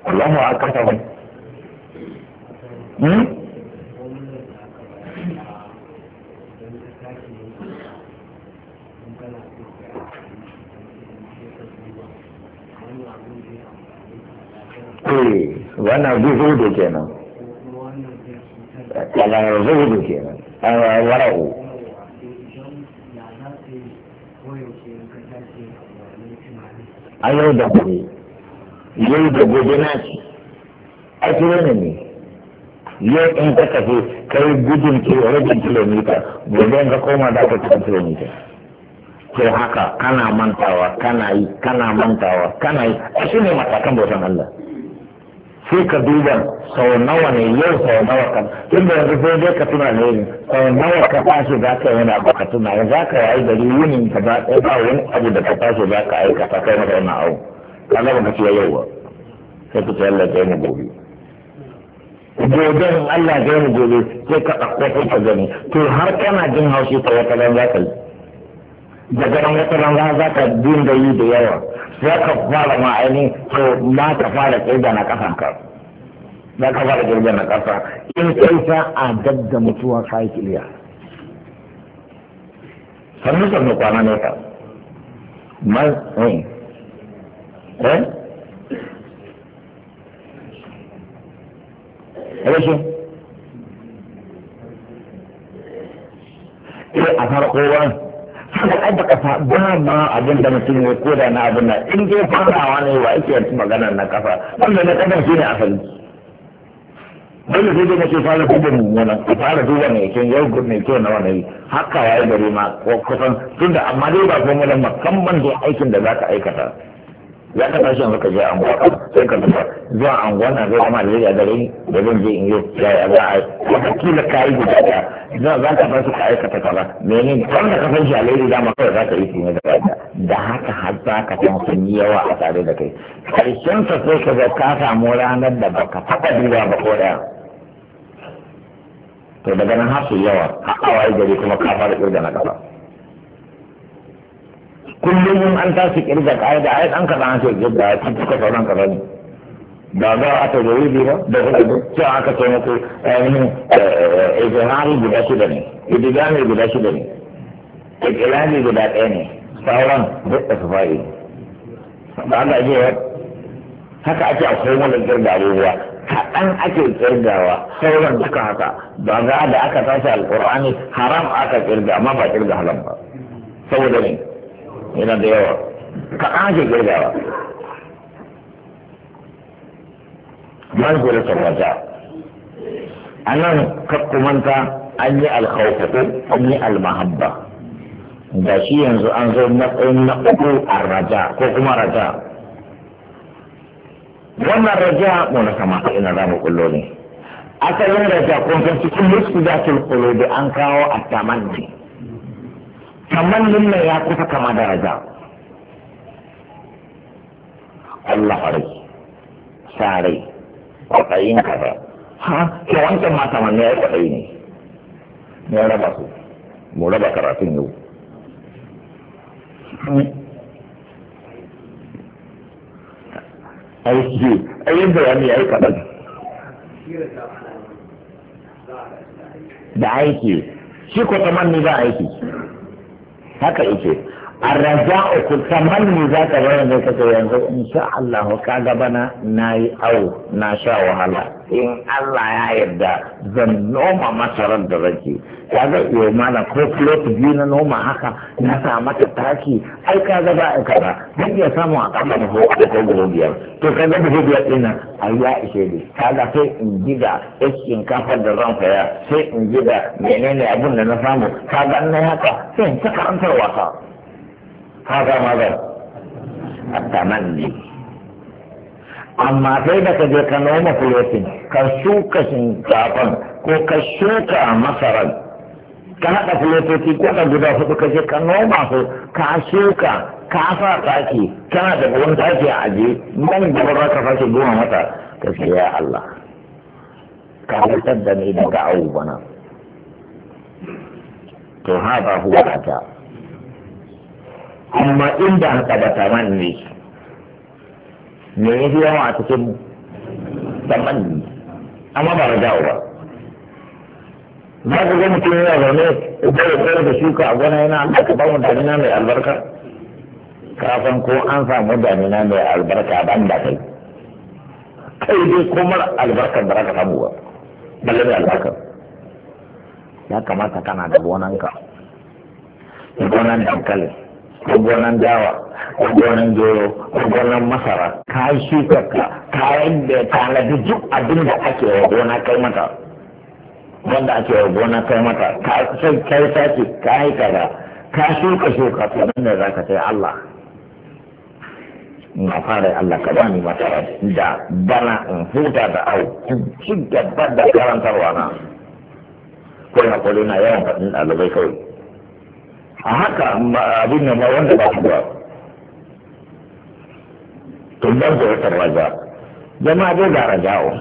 S1: Allahu akbar hmm? Eh, wannan gizo da kenan. kalar zuhudu ke nan wara'u a yau da gobe yau da gobe na ce a kira ne yau in ka tafi kai gudun rabin kilomita gobe in ka koma da aka cikin kilomita to haka kana mantawa kana yi kana mantawa kana yi a shi ne matakan bautan Allah sai ka duba sau nawa ne yau sau nawa kan tun da yanzu sai dai ka tuna ne sau nawa ka tashi za ka yana ba ka tuna za ka yi gari wunin ka ba ɗaya ba wani abu da ka tashi za ka ta kai maka wani awo ka ga ba ka ciye yau ba sai ka tsayar da kai mu gobe gobe in Allah ya mu gobe sai ka ɗauko sai ka gani to har kana jin haushi ta wata ran za ka yi daga nan wata ran za ka dinga yi da yawa ya ka fara ma ainihin to ma ka fara kirga na kasan ka ka fara kirga na kasa in kai ta a dadda mutuwa ka yi kiliya sannu sannu kwana ne ka eh, eh? rashin eh a farko wani da ɗaga ƙasa fa ba abin da mutum ya koda na abin nan in dai farawa ne wa yanzu magana na kafa wanda na kafa ne asali dole sai dai nake fara duba mu ka fara duba ne kyau yau mai kyau na wani haka ya yi gari ma ko kusan tunda amma dai ba kuma da makamman da aikin da za ka aikata ya taɓa shi suka je anguwa sai ka fita zuwa anguwa na zai zama da zai gare ni da zan je in yi yaya za a yi wata kila ka yi guda ɗaya za za ka fasu ka aikata kaza mene kan da ka san shi alheri za ma kawai za ka yi su ne da da haka har za ka san sun yi yawa a tare da kai karshen sa sai ka ga ka samu ranar da baka taɓa duba ba ko ɗaya to daga nan har su yawa a kawai gari kuma ka fara ƙirga na kafa. kullum an tashi kirga kaya da ai an kaza an ce kirga ya ci duka sauran kaza ne ba za a ta da wuri ba da hudu ce aka ce muku ainihin eh, eh, eh, izhari guda shida ne idigami guda shida ne ikilani guda ɗaya ne sauran duk da su fa'i ba Allah ya haka ake a komai da kirga abubuwa kaɗan ake kirgawa sauran duka haka ba za da aka tashi alƙur'ani haram aka kirga amma ba kirga halam ba saboda ne yana da yawa ka ake girgawa man kula sarrafa a nan kumanta an yi alkhawfaku an yi almahabba da shi yanzu an zo na uku a raja ko kuma raja wannan raja mu na kamata ina zamu kullo ne asalin raja kun san cikin musu da an kawo a tamanni kamar lilla ya kusa kama da raja Allah rai sa rai kwaɗayin kaza ha ke wancan ma tamanni ya kwaɗayi ne ne raba su mu raba karatun yau hmm. aiki ayin bayani ya yi kaɗan da aiki shi ko tamanni za aiki haka yake
S2: arraja'u ku tamanni
S1: za ka bar da kace yanzu insha Allah ka ga bana nayi au na sha wahala in Allah ya yarda zan noma masarar da rake kaga yo mana ko plot biyu na noma haka na sa mata taki ai ka ga ba ka ba zan iya samu a kama da ko da ko biyar to kaga da ko biya din nan ai ya ishe ni ga sai in gida iskin kafar da zan saya, sai in gida menene abun da na samu kaga nan haka sai in ta karantar wasa هذا ماذا التمني amma sai da ka je ka noma fulotin ka shuka shinkafan ko ka shuka masaran, ka haɗa fulotoci ko ka guda hudu ka je ka noma su ka shuka ka sa taki kana da wani taki a aje man gaba za ka fashe goma mata ka ya Allah ka fitar da ni daga abu bana to haɗa huwa ta amma inda an da tamanni me ne yi yawa a cikin tamanni amma ba rajawa ba za ka ga mutum yana zaune ko da tsara da shuka a gona yana Allah ka bamu damina mai albarka kafin ko an samu damina mai albarka ban da kai kai dai kuma albarkar da ka samu ba balle mai albarkar ya kamata kana da gonanka gonan dankali ko gonan dawa ko gonan gero ko gonan masara ka yi shukarka ka yadda tana da duk abin da ake wa gona kai mata wanda ake wa gona kai mata ka sai kai sace ka yi kaza ka shuka shuka to nan ne zaka sai Allah na fara Allah ka bani masara da bana in huta da au shi gaba da karantarwa na ko na yawan faɗin ɗalibai kawai a haka abin nan wanda ba su ba tumbon da wata raja zama dai ga raja'u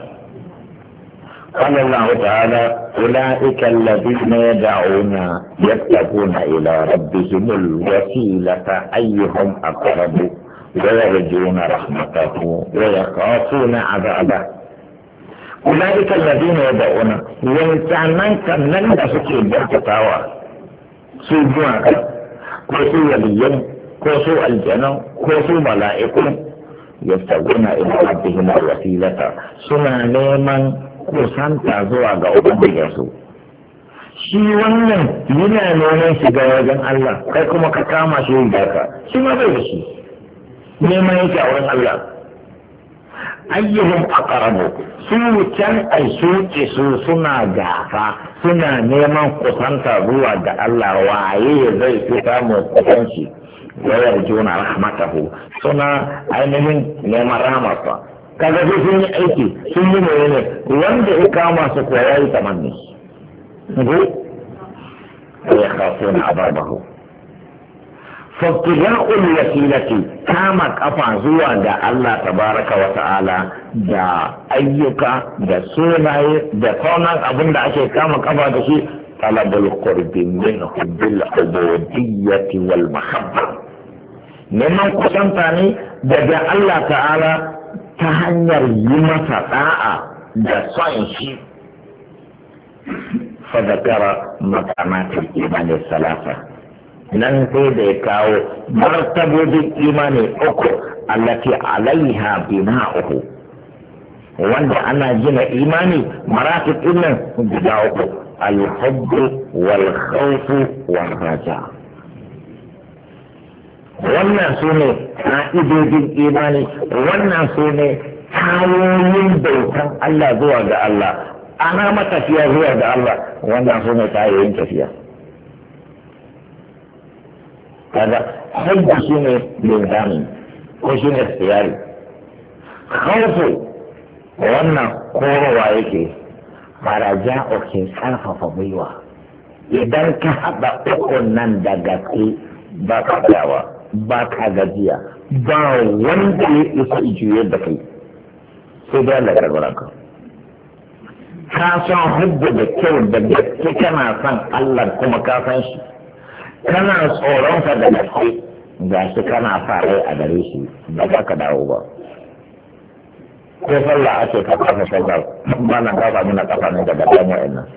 S1: قال الله تعالى أولئك الذين يدعون يتقون إلى ربهم الوسيلة أيهم أقرب ويرجون رحمته ويخافون عذابه أولئك الذين يدعون وإنسان من كان لن su zuwa ko su waliyan ko su aljanan ko su mala'ikun yastaguna ila alwasilata suna neman kusanta zuwa ga ubangijinsu shi wannan yana neman shiga wajen Allah kai kuma ka kama shi da ka shi ma bai da shi neman yake a wurin Allah ayyuhum aqrabu su can ai su su suna gafa suna neman kusanta zuwa ga Allah waye zai fi samu kusanci wa yarjuna rahmatahu suna ainihin neman rahmarsa kaga dai sun yi aiki sun yi menene wanda ya kama su kuwa yayi tamanni ko ya khafuna ababahu fattuzan ulwati na ce kama kafa zuwa ga Allah tabaraka wa ta'ala da ayyuka da sunaye da sauran abin da ake kama kafa da shi talabul qurbin min hubbil ubudiyyati wal mahabba neman kusanta ne daga Allah ta'ala ta hanyar yi masa da'a da son shi fa zakara imanin salasa. nan sai da ya kawo martabobin imani uku allati alaiha uku. wanda ana gina imani maratib guda uku alhubbu wal khawfu wal raja wannan su ne ka'idodin imani wannan su ne hanyoyin bautan Allah zuwa ga Allah ana matafiya zuwa ga Allah wannan su ne tayoyin tafiya kaga hajji shi ne linzami ko shi ne tsiyari khawfu wannan korowa yake maraja ke karfafa gwiwa idan ka haɗa uku nan da gaske ba ka gawa ba ka gajiya ba wanda ya isa juyar da kai sai da Allah ka ka san hujja da kyau da gaske kana san Allah kuma ka san shi kana tsoron ka da gaske ga shi kana fare a gare shi ba za ka dawo ba ko sallah ce ka kafa sallah ba na kafa muna kafa ne daga dan wa'annan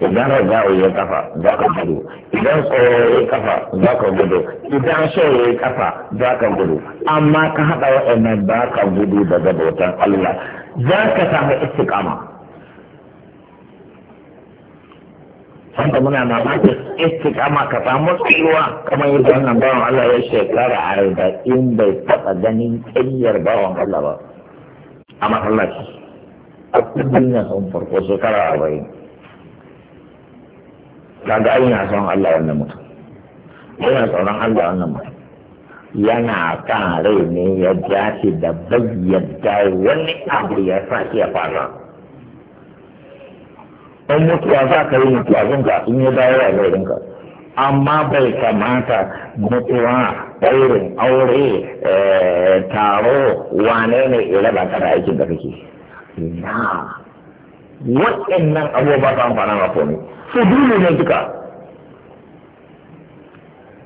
S1: idan raja'u ya kafa za ka gudu idan tsoro ya kafa za ka gudu idan so ya kafa za ka gudu amma ka haɗa wa'annan ba ka gudu daga bautan Allah za ka samu istiqama wanda muna mamakin kama ka samu tsiriwa kamar yadda wannan bawan Allah ya shekara arba'in bai taɓa ganin ƙiryar bawan Allah ba a masallaci a kudin na sun farko shekara arba'in kaga ai yana son Allah wannan mutum yana tsoron Allah wannan mutum yana kan rai ne ya dace da bayyadda wani abu ya sa shi ya fara in mutuwa za ka yi mutuwa zunka in ya dawo a gairinka amma bai kamata mutuwa ɗaurin aure eh, taro wane ne ire ba kana aikin da kake na waɗannan abubuwa ba amfana ma komai su dole ne duka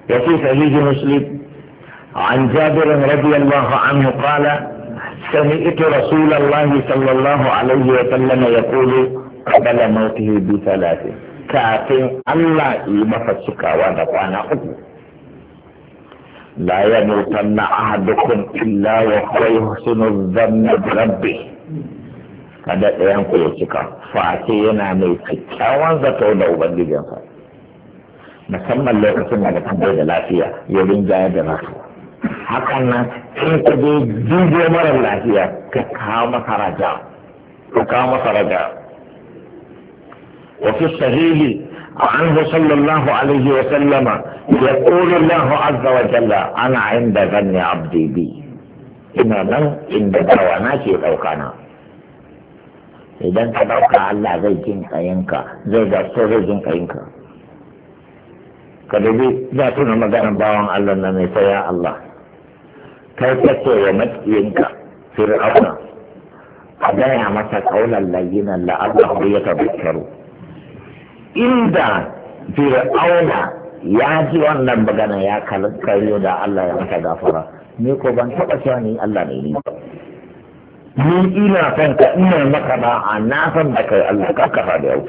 S1: ya fi sahihi muslim عن جابر رضي الله عنه قال سمعت رسول الله صلى الله عليه وسلم يقول kabala mautihi bi talati kafin Allah yi masa cikawa da kwana uku la yamutanna ahadukum illa wa huwa yuhsinu dhanna bi rabbi kada ɗayan ku ya cika face yana mai kyakkyawan zato da ubangijinsa musamman lokacin da mutum bai da lafiya ya rinjaya da nasu hakan nan in ka je jijiyo mara lafiya ka kawo masa raja ka kawo masa raja وفي الصحيح عنه صلى الله عليه وسلم يقول الله عز وجل أنا عند ظن عبدي بي إنا من عند دواناتي لو كان إذا تبقى على الله زي جنك ينكا زي دكتور زي جنك ينكا كذبي لا تنا مدانا باوان الله نميت يا الله كيف تسوي مكينك فرعون أدايا مسك أولى اللينا لعله يتذكروا inda fir'auna ya ji wannan magana ya kariyo da Allah ya mata gafara ni ko ban taba cewa ni Allah ne ni ni ina son ka ina maka a na san da kai Allah ka kafa da yau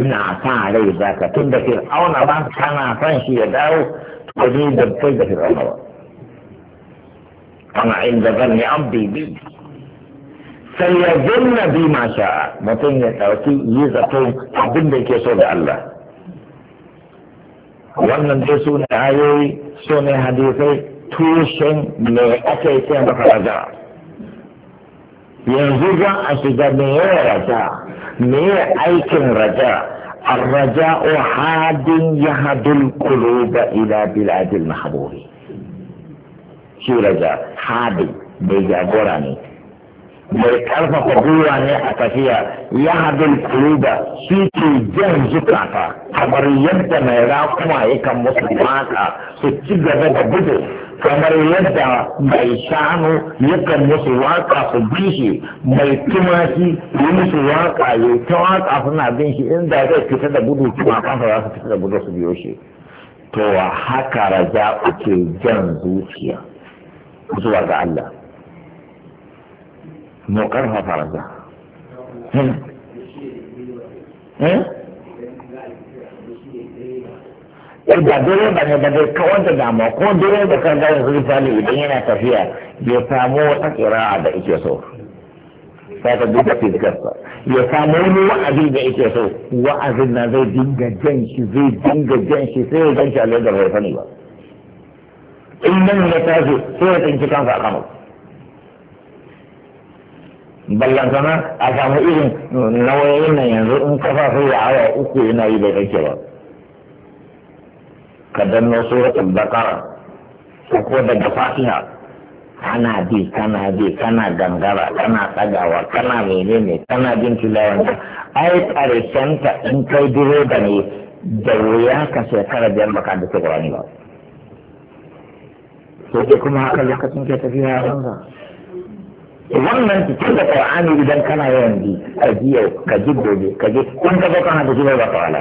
S1: ina sa rai ka tun da fir'auna ba kana son shi ya dawo to ni da kai da fir'auna ba ana inda zan yi abdi bi sai ya zanna bi ma sha'a mutum ya ɗauki yi zaton abin da ke so da Allah wannan dai su ne ayoyi su ne hadisai tushen me aka yi kyan raja yanzu za a shiga me ya raja me ya aikin raja الرجاء حاد يهد القلوب إلى بلاد المحبوب شو رجاء حاد بيجا قراني mai karfafa gwiwa ne a tafiya ya haɗin kuluba shi ke jan zukata kamar yadda mai rakuma kan musu maka su ci gaba da gudu kamar yadda mai shanu yakan musu waka su bi shi mai tumashi ya musu waka ya ta waka suna bin shi inda zai fita da gudu kansa za su fita da gudu su biyo shi to haka raja ke jan zuciya zuwa ga Allah mu karfafa masa eh ba dole ba ne ba dai kawar da damuwa ko dole da kan gane su misali idan yana tafiya ya samu wata kira da ike so sai ka duba fizgarsa ya samu wani wa'azi da ike so wa'azin na zai dinga jan shi zai dinga jan shi sai ya gan shi a ledar bai sani ba in nan ya tashi sai ya tsinci kansa a kamar ballantana a samu irin nauyin nan yanzu in kafafu ya awa uku yana yi bai kake ba ka danno suratul baqara ko daga fatiha kana bi kana bi kana gangara kana tsagawa kana menene kana bin tilawan ai karshen ta in kai direba ne da wuya ka shekara biyar baka da ta ba sai kuma haka lokacin ke tafiya a wannan cikin da ƙar'ani idan kana yawan bi ka ji yau ka ji gobe ka ji kun ka zo kana da zuwa ba ta'ala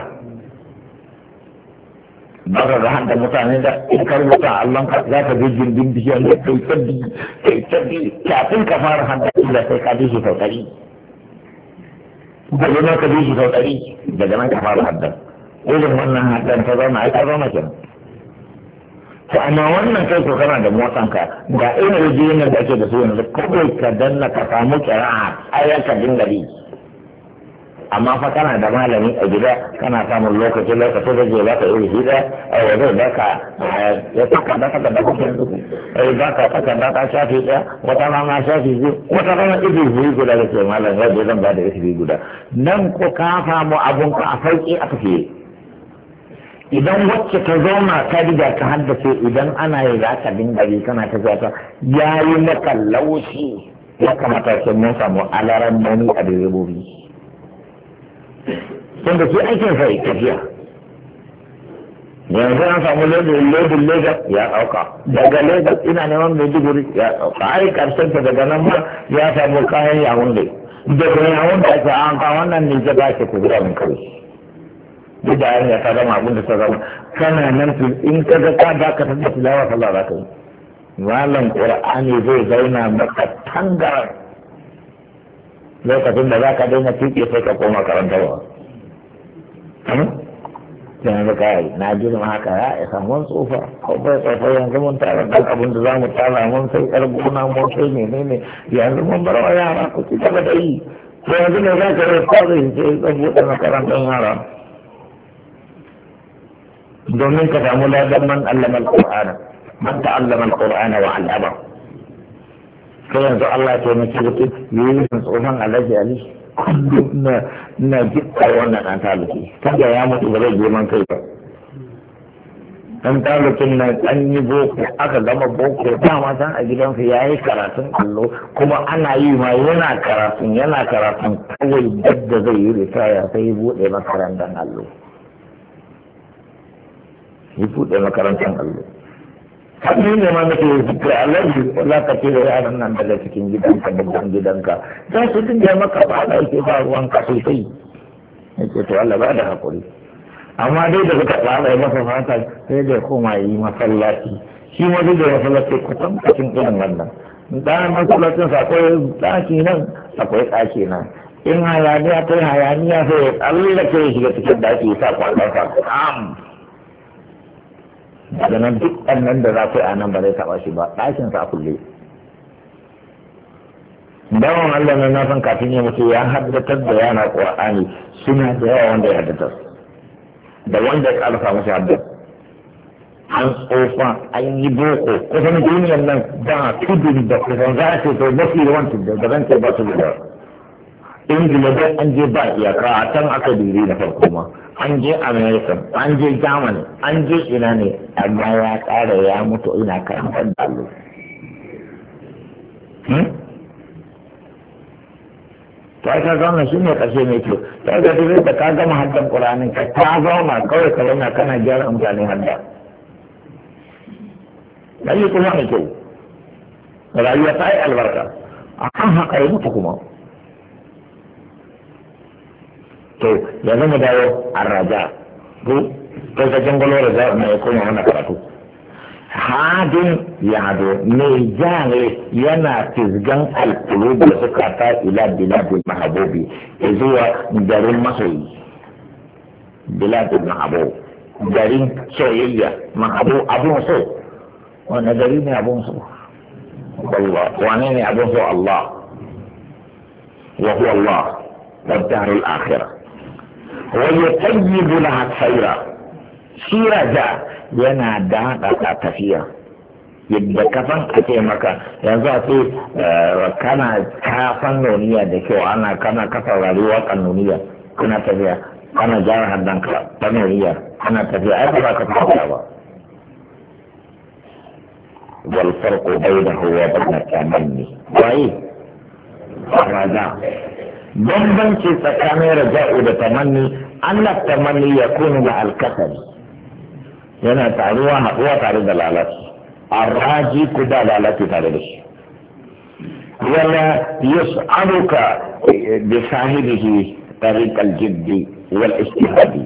S1: ba ka ga hanta mutane da in ka rubuta Allah ka za ka ji gindin biyan da kai tabbi kai tabbi kafin ka fara hanta da sai ka ji su sautari daga nan ka ji su sautari daga nan ka fara hanta irin wannan hanta ta zauna ai ka zama kenan to amma wannan kai ko kana da motsanka ga ina irin rijiyoyin da ake da su yanzu kawai ka danna ka samu kira'a ayar ka dinga bi amma fa kana da malami a gida kana samun lokaci lokaci da ke baka yi hira a wajen da ka ya saka da ka da kuma duku ai za ka saka da ka shafi da wata rana shafi biyu wata rana iri biyu guda da ke malami ya zan ba da iri guda nan ko ka samu abun ka a sauki a tafiye idan wacce ta zauna ta riga ta haddace idan ana yi za ka dinga yi kana ta ta ya yi maka laushi ya kamata ce mun samu alaran mani a direbobi tunda su aikin sa tafiya yanzu an samu lodin lagos ya ɗauka daga lagos ina neman maiduguri ya ɗauka ai karshen ta daga nan ma ya samu kayan yawon dai daga yawon da ake an kawo wannan ne ya ba shi ku gura kawai duk da yarinya ta zama abin da ta zama kana nan in ka ga ka dakatar da tilawa sallah za ka yi malam qur'ani zai zauna maka tangaran lokacin da za ka daina tuƙe sai ka koma karanta ba sai na ka yi na girma haka ya isa mun tsufa ko bai tsofa yanzu mun tara dan abin da za mu tara mun sai yar gona mun sai ne yanzu mun bar wa yara ku ci gaba da yi ko yanzu ne za ka yi tsari sai zan buɗe makarantar yara domin ka samu ladan man allama alqur'ana man allama alqur'ana wa allama sai yanzu Allah ya taimake mutum yayin tsohon alaji ali na na gitsa wannan an taluki ya mutu ba zai je man kai ba an talukin nan an yi boko aka gama boko ta ma san a gidansa ya yi karatun allo kuma ana yi ma yana karatun yana karatun kawai dadda zai yi ritaya sai buɗe makarantar allo ya buɗe makarantar allo hannu ne ma nake yi zikir ko wala ka ce da yaran nan daga cikin gidanka gidan gidanka za su dinga maka ba da yake ba ruwan ka sosai yake to Allah ba da hakuri amma dai da suka tsara ya masa fata sai da koma yi masallaci shi ma duk da masallaci kusan cikin irin wannan dan masallacin sa akwai ɗaki nan akwai ɗaki nan in hayaniya ta hayaniya sai ya tsallake ya shiga cikin daki ya sa kwallon sa am daga nan duk ɗannan da za ku a nan ba zai taɓa shi ba ɗakin sa kulle bawan Allah na na san kafin ya mutu ya haddatar da yana Qur'ani suna da yawa wanda ya haddatar da wanda ya ƙarfa masa haddar an tsofa an yi boko kusan duniyar nan ba tudun da kusan za a ce to mafi yawancin da zan ce ba su da ingila don an je ba iyaka a can aka diri na farko ma an je america an je germany an je ina ne amma ya kara ya mutu ina karantar da allo hmm? ta yi ka zauna shi ne ƙarshe mai kyau ta ga duk da ka gama haddan ƙuranin ka ta zauna kawai ka zauna kana gyara mutane hadda na yi kuma mai kyau rayuwa ta yi albarka akan haka yi mutu kuma to yanzu mu dawo arraja ko ko ka jangolo da za mu koma wannan karatu hadin yado mai jare yana fizgan alkulu da suka ta ila biladin mahabobi ya zuwa garin masoyi biladin mahabo garin soyayya mahabo abun so wani gari ne abun so والله wani ne الله وهو الله والدار الاخره ويطيب لها سيرة سيرة دا ينا دا تفيا yadda kafan a ce maka yanzu a ce kana kafan noniya da kyau ana kana kafa rayuwa kan noniya kana tafiya kana gyara haddanka ta noniya kana tafiya ai ba za ka tafiya ba والفرق بينه وبين التمني طيب الرجاء bambanci tsakanin raja'u da tamanni Allah tamanni ya kunu da alkasari yana taruwa haɗuwa tare da lalaci raji ku da lalaci tare da shi wala yus'aluka da sahibihi tariq al wal istihadi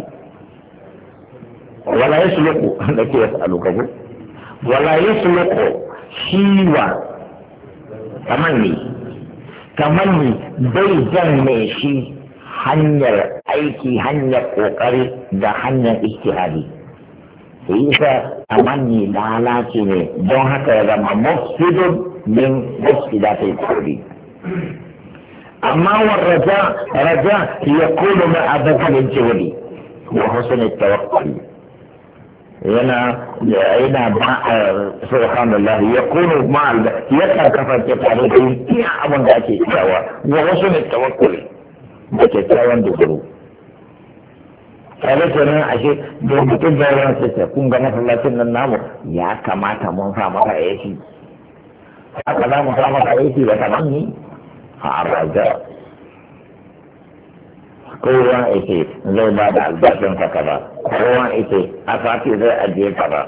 S1: wala yasluqu da ke yas'aluka ku wala yasluqu shiwa tamanni kamar bai jan mai shi hanyar aiki hanyar kokari da hanyar ijtihadi da isa tamanni lalace ne don haka ya zama mufsidun min mufsidatil qurbi amma warraja raja yakunu ma'a bazalin jawli wa husnul tawakkul yana yana ba a eh, subhanallah ya kuno ma ya kan kasance tare da iya abin da ake kyawa wa wasu ne tawakkuli da kyakkyawan dogaro tare da nan ashe da mutum da ran sai kun ga masallacin nan namu ya kamata mun sa maka aiki haka za mu sa maka aiki da kaman ni a arzaja kowa ita zai ba da albashin ka kaza kowa ita a fati zai ajiye kaza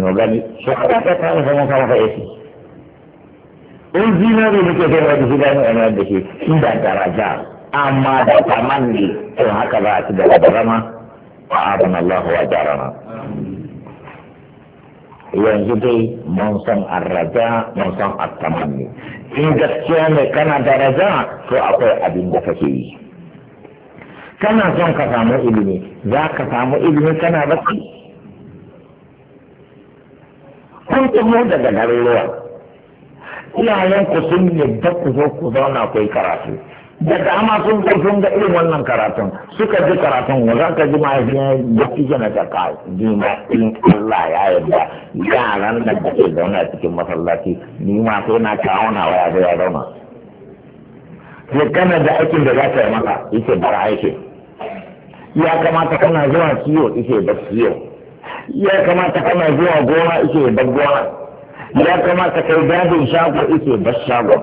S1: no gani shi ka ta kai sai mun kawo fa yake in zinari da ke kai wani a ana da shi shi da daraja amma da tamanni to haka ba a ci da barama wa abana Allah wa jarana yanzu dai mun san arraja mun san attamanni in gaskiya ne kana daraja to akwai abin da kake yi kana son ka samu ilimi za ka samu ilimi kana baki kun taho daga garuruwa ku sun yadda ku zo ku zauna kai karatu da dama sun zo sun ga irin wannan karatun suka ji karatun wa za ka ji mahaifin da kike na ta ka ma in Allah ya yarda yaran da kake zauna cikin masallaci ni ma sai na kawuna wa ya zo ya zauna. Sai kana da aikin da za ka yi maka yake bara aikin. ya kamata kana zuwa kiyo ike da kiyo ya kamata kana zuwa goma ike da goma ya kamata kai gadin shago ike da shago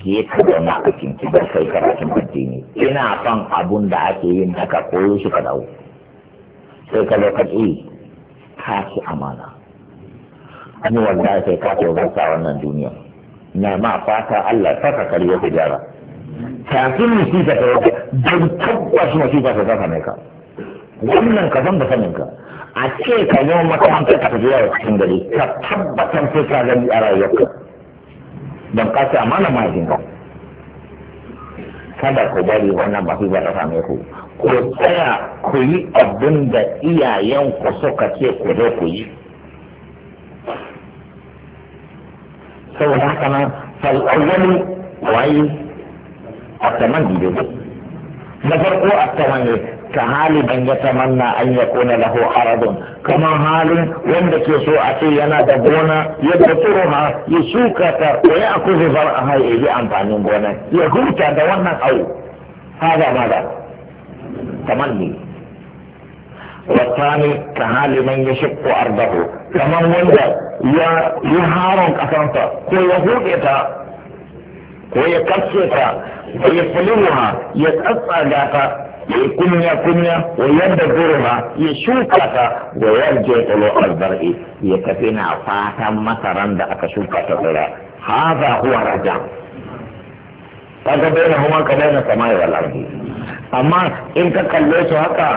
S1: ge ka na a ki da kai karatun addini ina son abun da ake yin haka koyo shi ka dawo sai ka zo ka ka ci amana ni wallahi sai ka ce wannan duniya na ma fata Allah saka karya jara kafin musifa ta wata don tabbas musifa ta zama ka wannan ka san da sanin ka a ce ka yi makarantar ka zuwa a cikin gari ka tabbatar sai ka gani a rayuwarka don ka ce amana mahaifinka kada ku bari wannan musifa ta same ku ku tsaya ku yi abin da iyayenku suka ce ku zo ku yi saboda haka nan fal'awwali waye a saman dide ne na farko a saman ne ta hali ban ya tamanna an ya kone laho aradun kaman halin wanda ke so a ce yana da gona ya da tsoro ha ya shuka ta ko ya ku zubar a hai yi amfanin gona ya huta da wannan au haza ma da kamar ne wasani ta hali ban ya shiko ardahu kamar wanda ya yi haron kasanta ko ya huɗe ko ya kafke ta da ya fulmuha ya tsatsaga ya yi kunya kunya wa yadda zurha ya shuka ta wa yarje tsalo albar'i ya tafi na fatan masaran da aka shuka ta tsira haza huwa raja kaga bai na huma ka bai na samai wal ardi amma in ka kalle su haka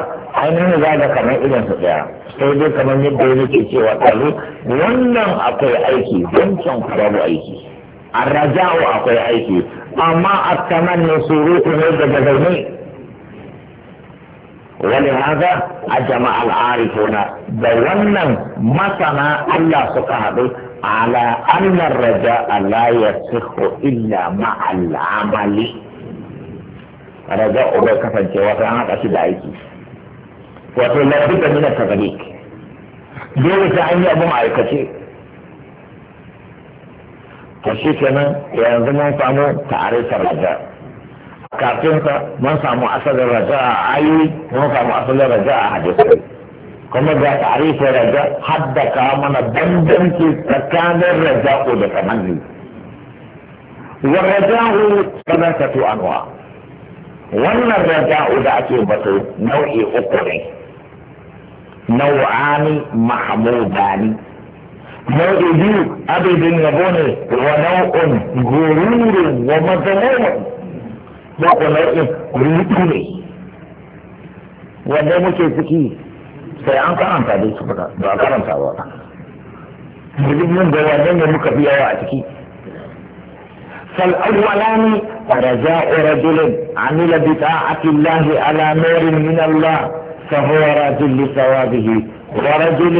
S1: ainihin za ga kamar irin su tsaya. sai dai kamar yadda yake cewa tsaro wannan akwai aiki wancan babu aiki Araja akwai aiki amma a kaman ne suruhu ne wani haka a jama'a al'arifuna da wannan masana Allah suka haɗu ala annar raja la ya sihu illa ma al'amali raja uba kasance wata an haɗa shi da aiki wato lafi da nuna tabarik dole ta an yi abin aikace to shi kenan yanzu mun samu ta'arifar raja kafin sa mun samu asalin raja a ayi mun samu asalin raja a hadisai kuma ga ta'arifin raja haddaka mana bambanci tsakanin raja'u da tamanni والرجاء ثلاثة أنواع وأن الرجاء ده أكيبته نوع أخرى نوعان محمودان nau'i biyu adadin yabo ne wa nau'un gururin wa mazamuni da ku nau'in rutu ne wanda muke ciki sai an karanta da su ba karanta ba jirgin yin da wannan ne muka fi yawa a ciki فالأولان رجاء رجل عمل بطاعة الله على نور من الله فهو راجل لثوابه ورجل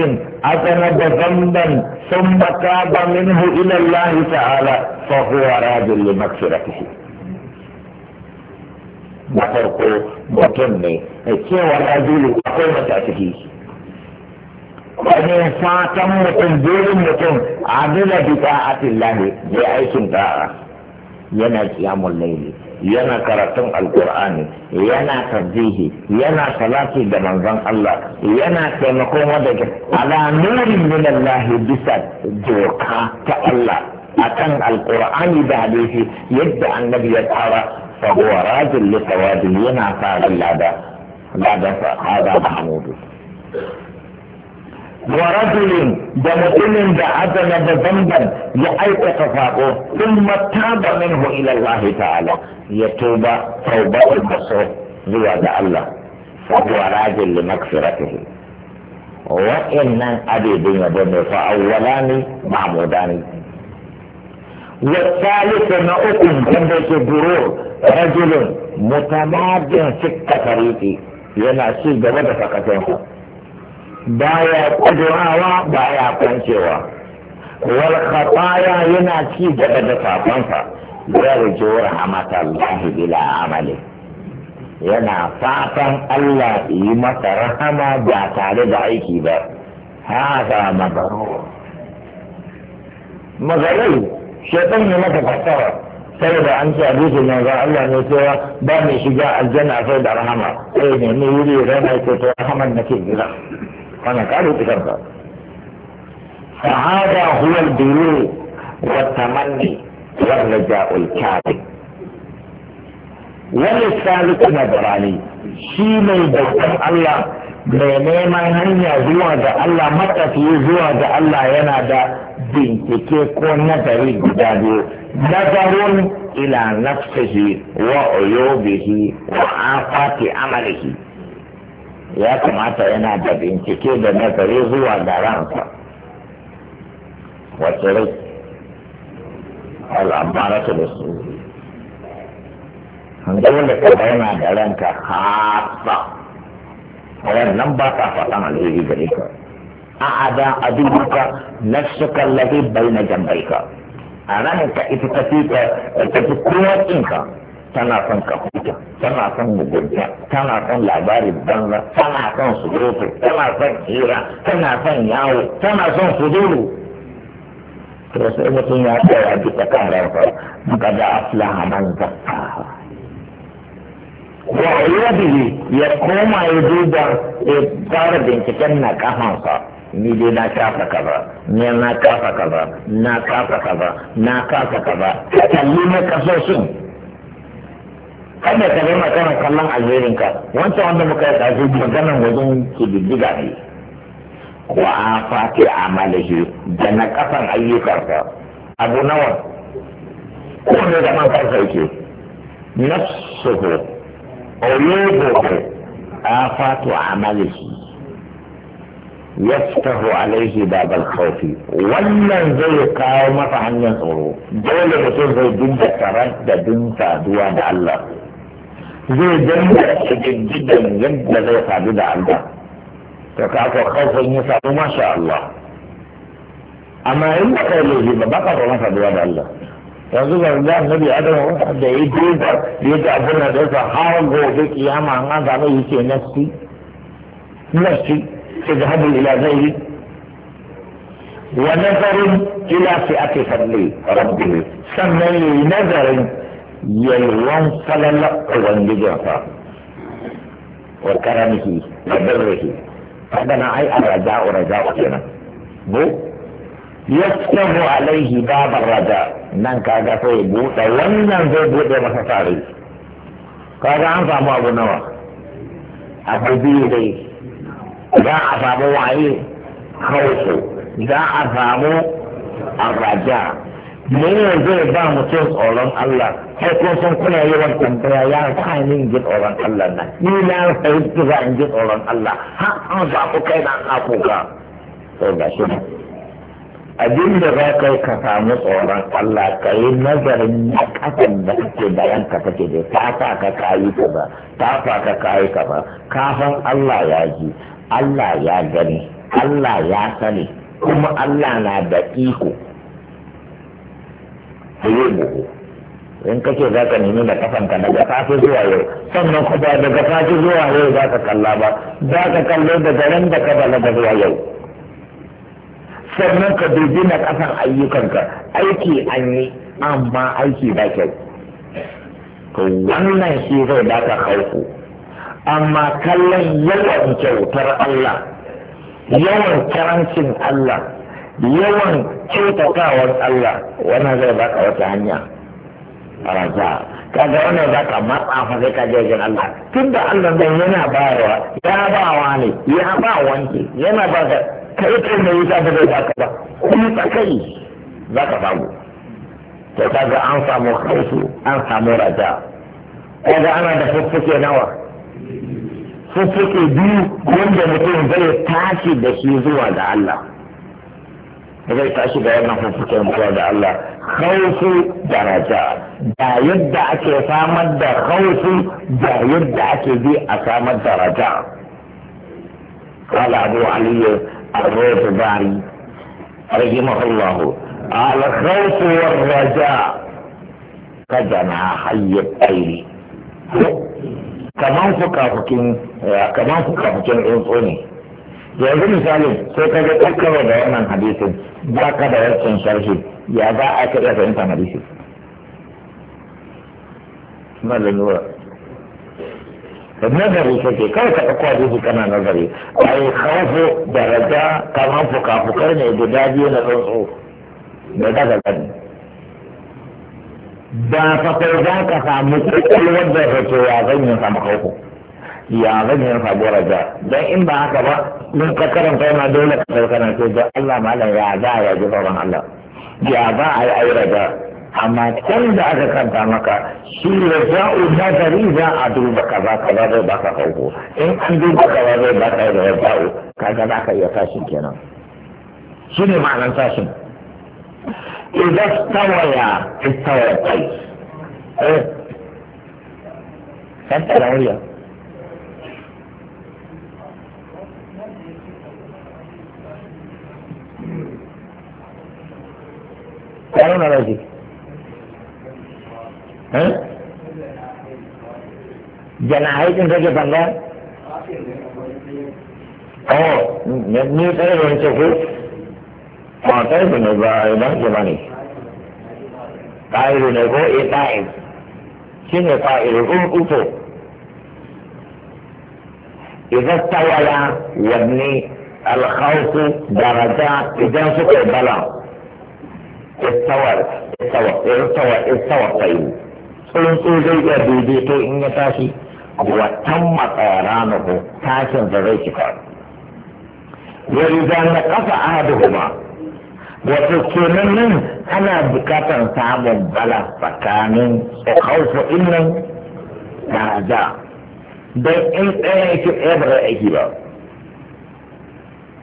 S1: أذنب ذنبا ثم تاب منه إلى الله تعالى فهو راج لمغفرته da farko mutum ne da cewa wani fatan mutum burin mutum adila bi ta'atin lahi bai aikin da'a yana kiyamun laili yana karatun alkur'ani yana tarjihi yana salati da manzon Allah yana taimako wanda ke ala nurin min Allah bisa doka ta Allah akan alkur'ani da hadisi yadda annabi ya tsara fa huwa rajul li yana fara lada lada fa hada ورجل ده مؤمن دمتم بعدم بذنبا لأي فاقه ثم تاب منه إلى الله تعالى يتوب توبة البصر زيادة الله فهو راجل لمغفرته وإن أبي بن بن فأولان معمودان والثالث نؤكم كم برور رجل متمادن في التفريط ينعشي بمدى فقط baya kudurawa baya kwancewa
S2: wal khataya
S1: yana ci gaba da safansa yarjuwar hamata Allah bila amali yana fatan Allah yi masa rahama ba tare da aiki ba haka mabarur magarai shaitan ne masa sai saboda an ce abisu na ga Allah ne cewa ba mai shiga aljanna sai da rahama sai ne ne yuri rana ce to rahama nake jira wannan ka rubuta kanka فهذا هو الدلول والتمني والرجاء الكاذب وللثالث نظراني shi mai bautan Allah mai neman hanya zuwa ga Allah matafiye zuwa ga Allah yana da bincike ko nazari guda biyu nazarun ila nafsihi wa uyubihi wa afati amalihi ya kamata yana da bincike da nazari zuwa ga ransa wace rai al'amara su da su hankalin da kada yana da ranka hasa ran nan ba ka faɗan alheri gare ka a a'ada adubuka bai na baina ka. a ka ita tafi ka ta tafi kowa ka. tana son kafuta tana son mugunta tana son labarin banza tana son surutu tana son hira tana son yawo tana son fuduru to sai mutum ya tsaya duka kan ransa maka da a man zakka wa ne ya koma ya duba ya fara binciken na kafansa ni dai na kafa kaza ni na kafa kaza na kafa kaza na kafa kaza kalli na kasoshin kada ka zama kana kallon alherin ka wancan wanda muka yi ɗazu maganan wajen kididdiga ne wa a fati malahi da na kafan ayyukarka abu nawa ko ne da man kansa yake nafsuhu uyubuhu afatu amalihi yaftahu alaihi babal khawfi wannan zai kawo masa hanyar tsoro dole mutum zai dinga tarar da dinka duwa da Allah zai dinga kididdigan yadda zai sadu da Allah to ka ko kaufin ya sadu masha Allah amma in ba kai laifi ba ka ba masa da Allah yanzu ga da annabi adam da ya je da ya ga abin da yasa har gobe kiyama an ga mai yake nafsi nafsi sai da hadu ila zairi wa nazarin ila fi'ati fadli rabbi sannan yi nazarin yalwan falala ubangijinsa wa karamihi da birrihi kaga na ai arraja'u raja'u kenan bu yaftahu alaihi babar raja nan kaga sai buɗe wannan zai buɗe masa tare kaga an samu abu nawa abu biyu dai za a samu waye hausu za a samu arraja me zai ba mutum tsoron Allah sai kun san kuna yawan tambaya ya sa ni in ji tsoron Allah na ni na fahimta za in ji tsoron Allah ha an zaɓu kai na aku ka to ga shi abin da za ka yi ka samu tsoron Allah ka yi nazarin na kasan da kake bayan ka kake da ta sa ka kayi ka ba ta sa ka kayi ka ba kafin Allah ya ji Allah ya gani Allah ya sani kuma Allah na da iko yi buhu in kake za ka nemi da kafanka daga safe zuwa yau sannan kuma daga safe zuwa yau za ka kalla ba za ka kallo da garin da ka balaga zuwa yau sannan ka dubi na kasan ayyukanka aiki an yi amma aiki ba kyau to wannan shi zai baka hauku amma kallon yawan kyautar Allah yawan karancin Allah yawan kyautatawar Allah wani zai baka wata hanya raza kaga wani baka matsa fa sai ka je Allah tunda Allah dan yana bayarwa ya ba wa ne ya ba wanke yana ba ka kai kai ne yasa ba zai baka ba kuma tsakai ka samu to kaga an samu khaisu an samu raja kaga ana da fuffuke nawa fuffuke biyu wanda mutum zai tashi da shi zuwa ga Allah zai tashi da wannan hukuncin mutuwa da Allah khawfu daraja da yadda ake samar da khawfu da yadda ake bi a samar da raja قال أبو علي الروضباري رحمه الله قال الخوف والرجاء كجناح الطير كمان فكافكين كمان فكافكين عنصوني yanzu misali sai ka ga ɗaukar da wannan hadisin ba ka da wancan sharhi ya za a ka iya fahimtar hadisin na lalura nazari kake kawai ka ɗauko hadisi kana nazari ai khawfu da raja kamar fuka-fukar ne guda biyu na tsuntsu da daga gani da fa za ka samu kwakwalwar da rajo ya zan yi samu khawfu ya zan yi bora raja don in ba haka ba mun ka karanta yana dole ka sauka na ce Allah malam ya za ya ji sauran Allah ya za a yi ayi raja amma can da aka kanta maka shi ya raja'u nazari za a duba ka ba zai baka hauko in an duba kaza zai baka raja'u kaga za ka iya tashin kenan shi ne ma'anar tashin idan tawaya tawaya kai eh san tsara murya ya nuna rashi eh? jana haikin kake banga oh ni tsaye da wancan ko
S2: ba tsaye da ne ba idan ke ba ne
S1: ƙa'iru ne ko e eh, ƙa'ir shi ne ƙa'iru ko uku idan tawala wani alkhawfu daraja idan suka bala istawa istawa istawa istawa sayu zai iya daidaito in ya tashi watan tamma na ko tashin da zai cika ya riga na ahaduhuma wato kenan nan ana bukatar samun bala tsakanin tsakaufu innan da da don in ɗaya yake ɗaya ba aiki ba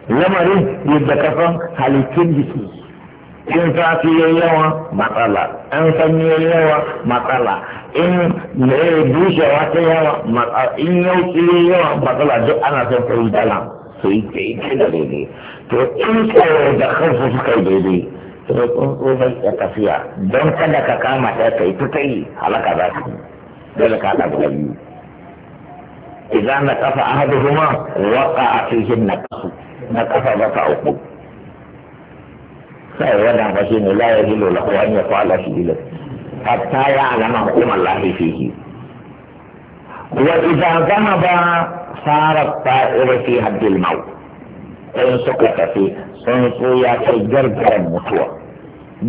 S1: lamarin yadda kafan halittun jiki in safi ya yawa matsala in sanyi ya yawa matsala in bushewa ta yawa matsala in yauki ya yawa matsala duk ana son kai dala su yi daidai da daidai to in tsoro da kansu suka yi daidai to tsuntsun ya tafiya don kada ka kama ta kai ta kai yi halaka za ta yi dole ka biyu idan na kafa ahaduhuma waka a cikin na kasu na kafa ba ta uku sai wannan ba shi ne la ya hilo lahu an ya fa'ala shi ila hatta ya alama hukum Allah shi wa idza dhahaba sarat ta'ira fi haddil maut in suka fi sun so ya kai gargaran mutuwa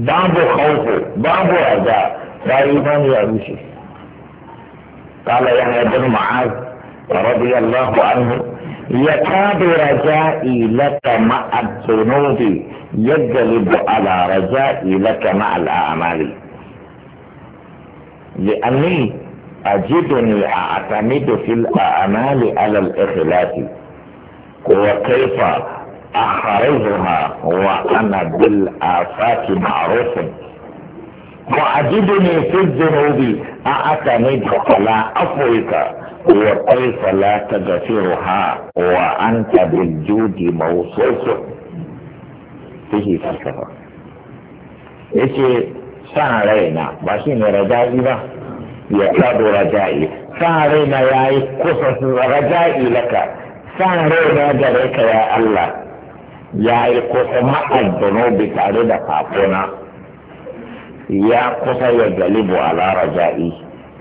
S1: babu khawfu babu raja sai imani ya rushe قال يحيى بن معاذ رضي الله عنه يكاد رجائي لك مع الذنوب يجلب على رجائي لك مع الأعمال لأني أجدني أعتمد في الأعمال على الإخلاص وكيف أخرجها وأنا بالآفات معروف وأجدني في الذنوب أعتمد على أفوك وكيف لا تغفرها وأنت بالجود موصوف فيه فلسفة ايش سعى علينا باشين رجائي با يكاد رجائي سعى علينا يا قصص رجائي لك سعى علينا جريك يا الله يا قصة ما الذنوب تعرض فاطمة يا قصة يجلب على رجائي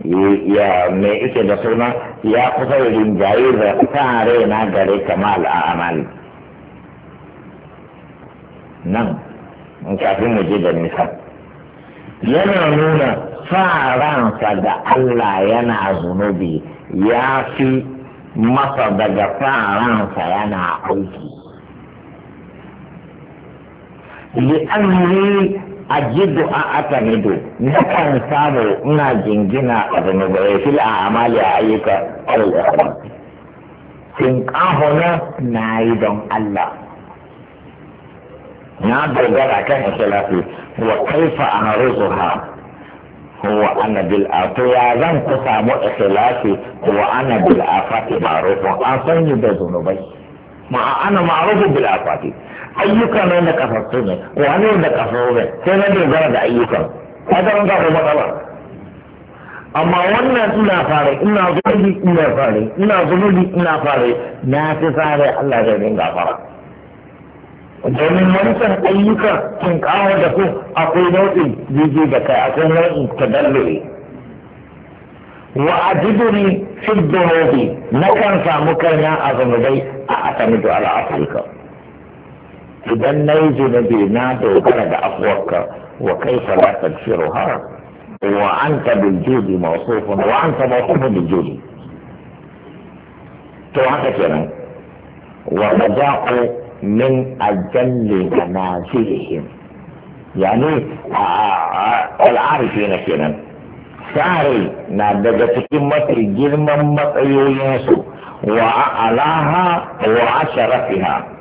S1: ya me ike da suna ya kusa da rinjaye da kan na gare kamal a amal nan in kafin mu je da nisa yana nuna sa da Allah yana zunubi ya fi masa daga sa yana aiki ajidu a aka nido na kan samu ina jingina a zama zunubai fi a amali a ayyuka alal ikhlas sin kahona na yi don Allah na dogara kan ikhlasi wa kaifa arzuha huwa ana bil to ya zan ku samu ikhlasi wa ana bil afati ma'rufun an san da zunubai ma ana ma'rufun bil afati ayyuka na da kafafu ne wani da kafafu ne sai na dogara da ayyukan kaga an gaba matsala amma wannan ina fare ina zunubi ina fare ina zunubi ina fare na fi fare Allah zai dinga fara domin wancan ayyuka sun kawo da ku akwai nau'in jiji da kai akwai nau'in tadallure wa ajiduni fi dunobi na kan samu kanya a zunubai a asami da al'afirka. idan na yi zunubi na dogara da afuwarka wa kai shiru tagfiruha wa an ta bin bil masu mawsufun wa an anta mawsufun bin judi to haka kenan wa da za ku min ajalli manazilihim yani al'arifina kenan sare na daga cikin mafi girman matsayoyinsu wa alaha wa asharafiha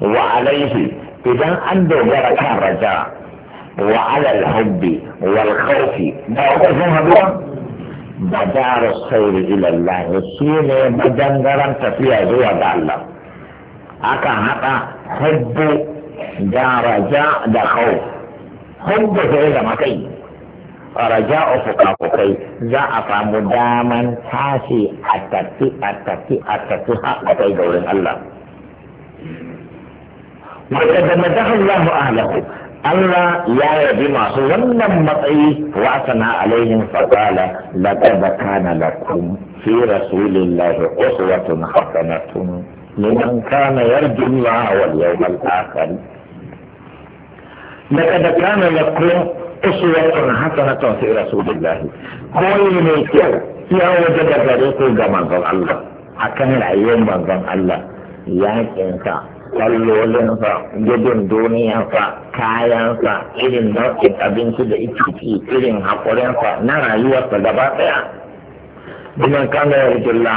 S1: wa alaihi idan an dogara kan raja wa alal hubbi wal khawfi da wajen haduwa badar sauri ila Allah shi ne madangaren tafiya zuwa ga Allah akan haɗa hubbu da raja da khawf hubbu sai da makai raja fuka kai za a samu daman tashi a tafi a tafi a tafi har kai ga wurin Allah وقد مدح الله أهله Allah ya yabi masu wannan matsayi wa asana alaihim faqala laqad kana lakum fi rasulillahi uswatun hasanatun liman kana yarju Allah wal yawmal akhir laqad kana lakum uswatun hasanatun fi rasulillahi koyi ne kyau ya waje da gare ku ga manzon Allah akan rayuwar manzon Allah yakin sa kallolinsa gudun duniyansa kayansa irin nau'in abinci da ikiki irin haƙurinsa na rayuwarsa gaba ɗaya biman kana yarjulla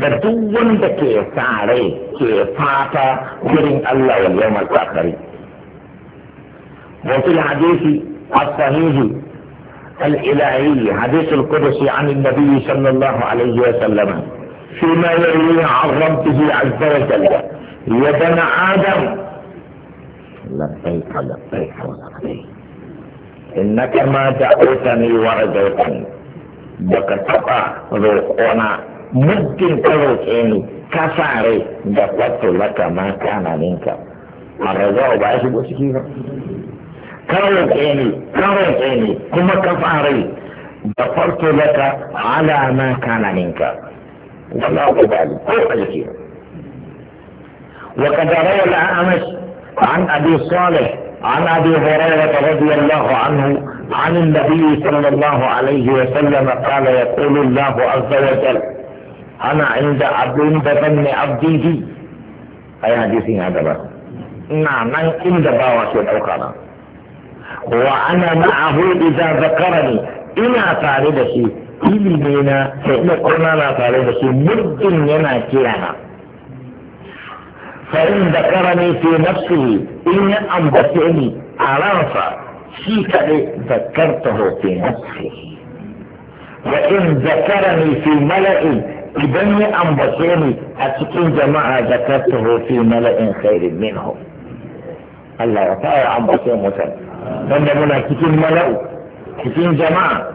S1: da duk wanda ke sa rai ke fata wurin Allah wal yawmal akhir wa fil hadisi as-sahih الإلهي حديث القدسي عن النبي صلى الله عليه وسلم فيما يرويه عن ربه عز وجل يا بنى آدم لبيك لبيك ولبيك إنك ما دعوتني ورزقتني بك تقع روحنا ممكن تروحيني كفاري دفعت لك ما كان منك الرجاء بعيش بوسكيرا كروحيني كروحيني كما كفاري دفعت لك على ما كان منك ولا أبالي كروحيني وقد روى الأعمش عن أبي صالح عن أبي هريرة رضي الله عنه عن النبي صلى الله عليه وسلم قال يقول الله عز وجل أنا عند عبد ظن عبدي بي أي حديث هذا بقى نعم عند باوش الأخرى وأنا معه إذا ذكرني إنا تاريخي إلي مينا فإن قلنا لا تاريخي مد ينا كيانا فإن ذكرني في نفسه إن أنبتني أعرف شيك ذكرته في نفسه وإن ذكرني في ملأ إذن أنبتني أتكون جماعة ذكرته في ملأ خير منهم Allah ya fara ambaton mutum wanda muna cikin mala'u cikin jama'a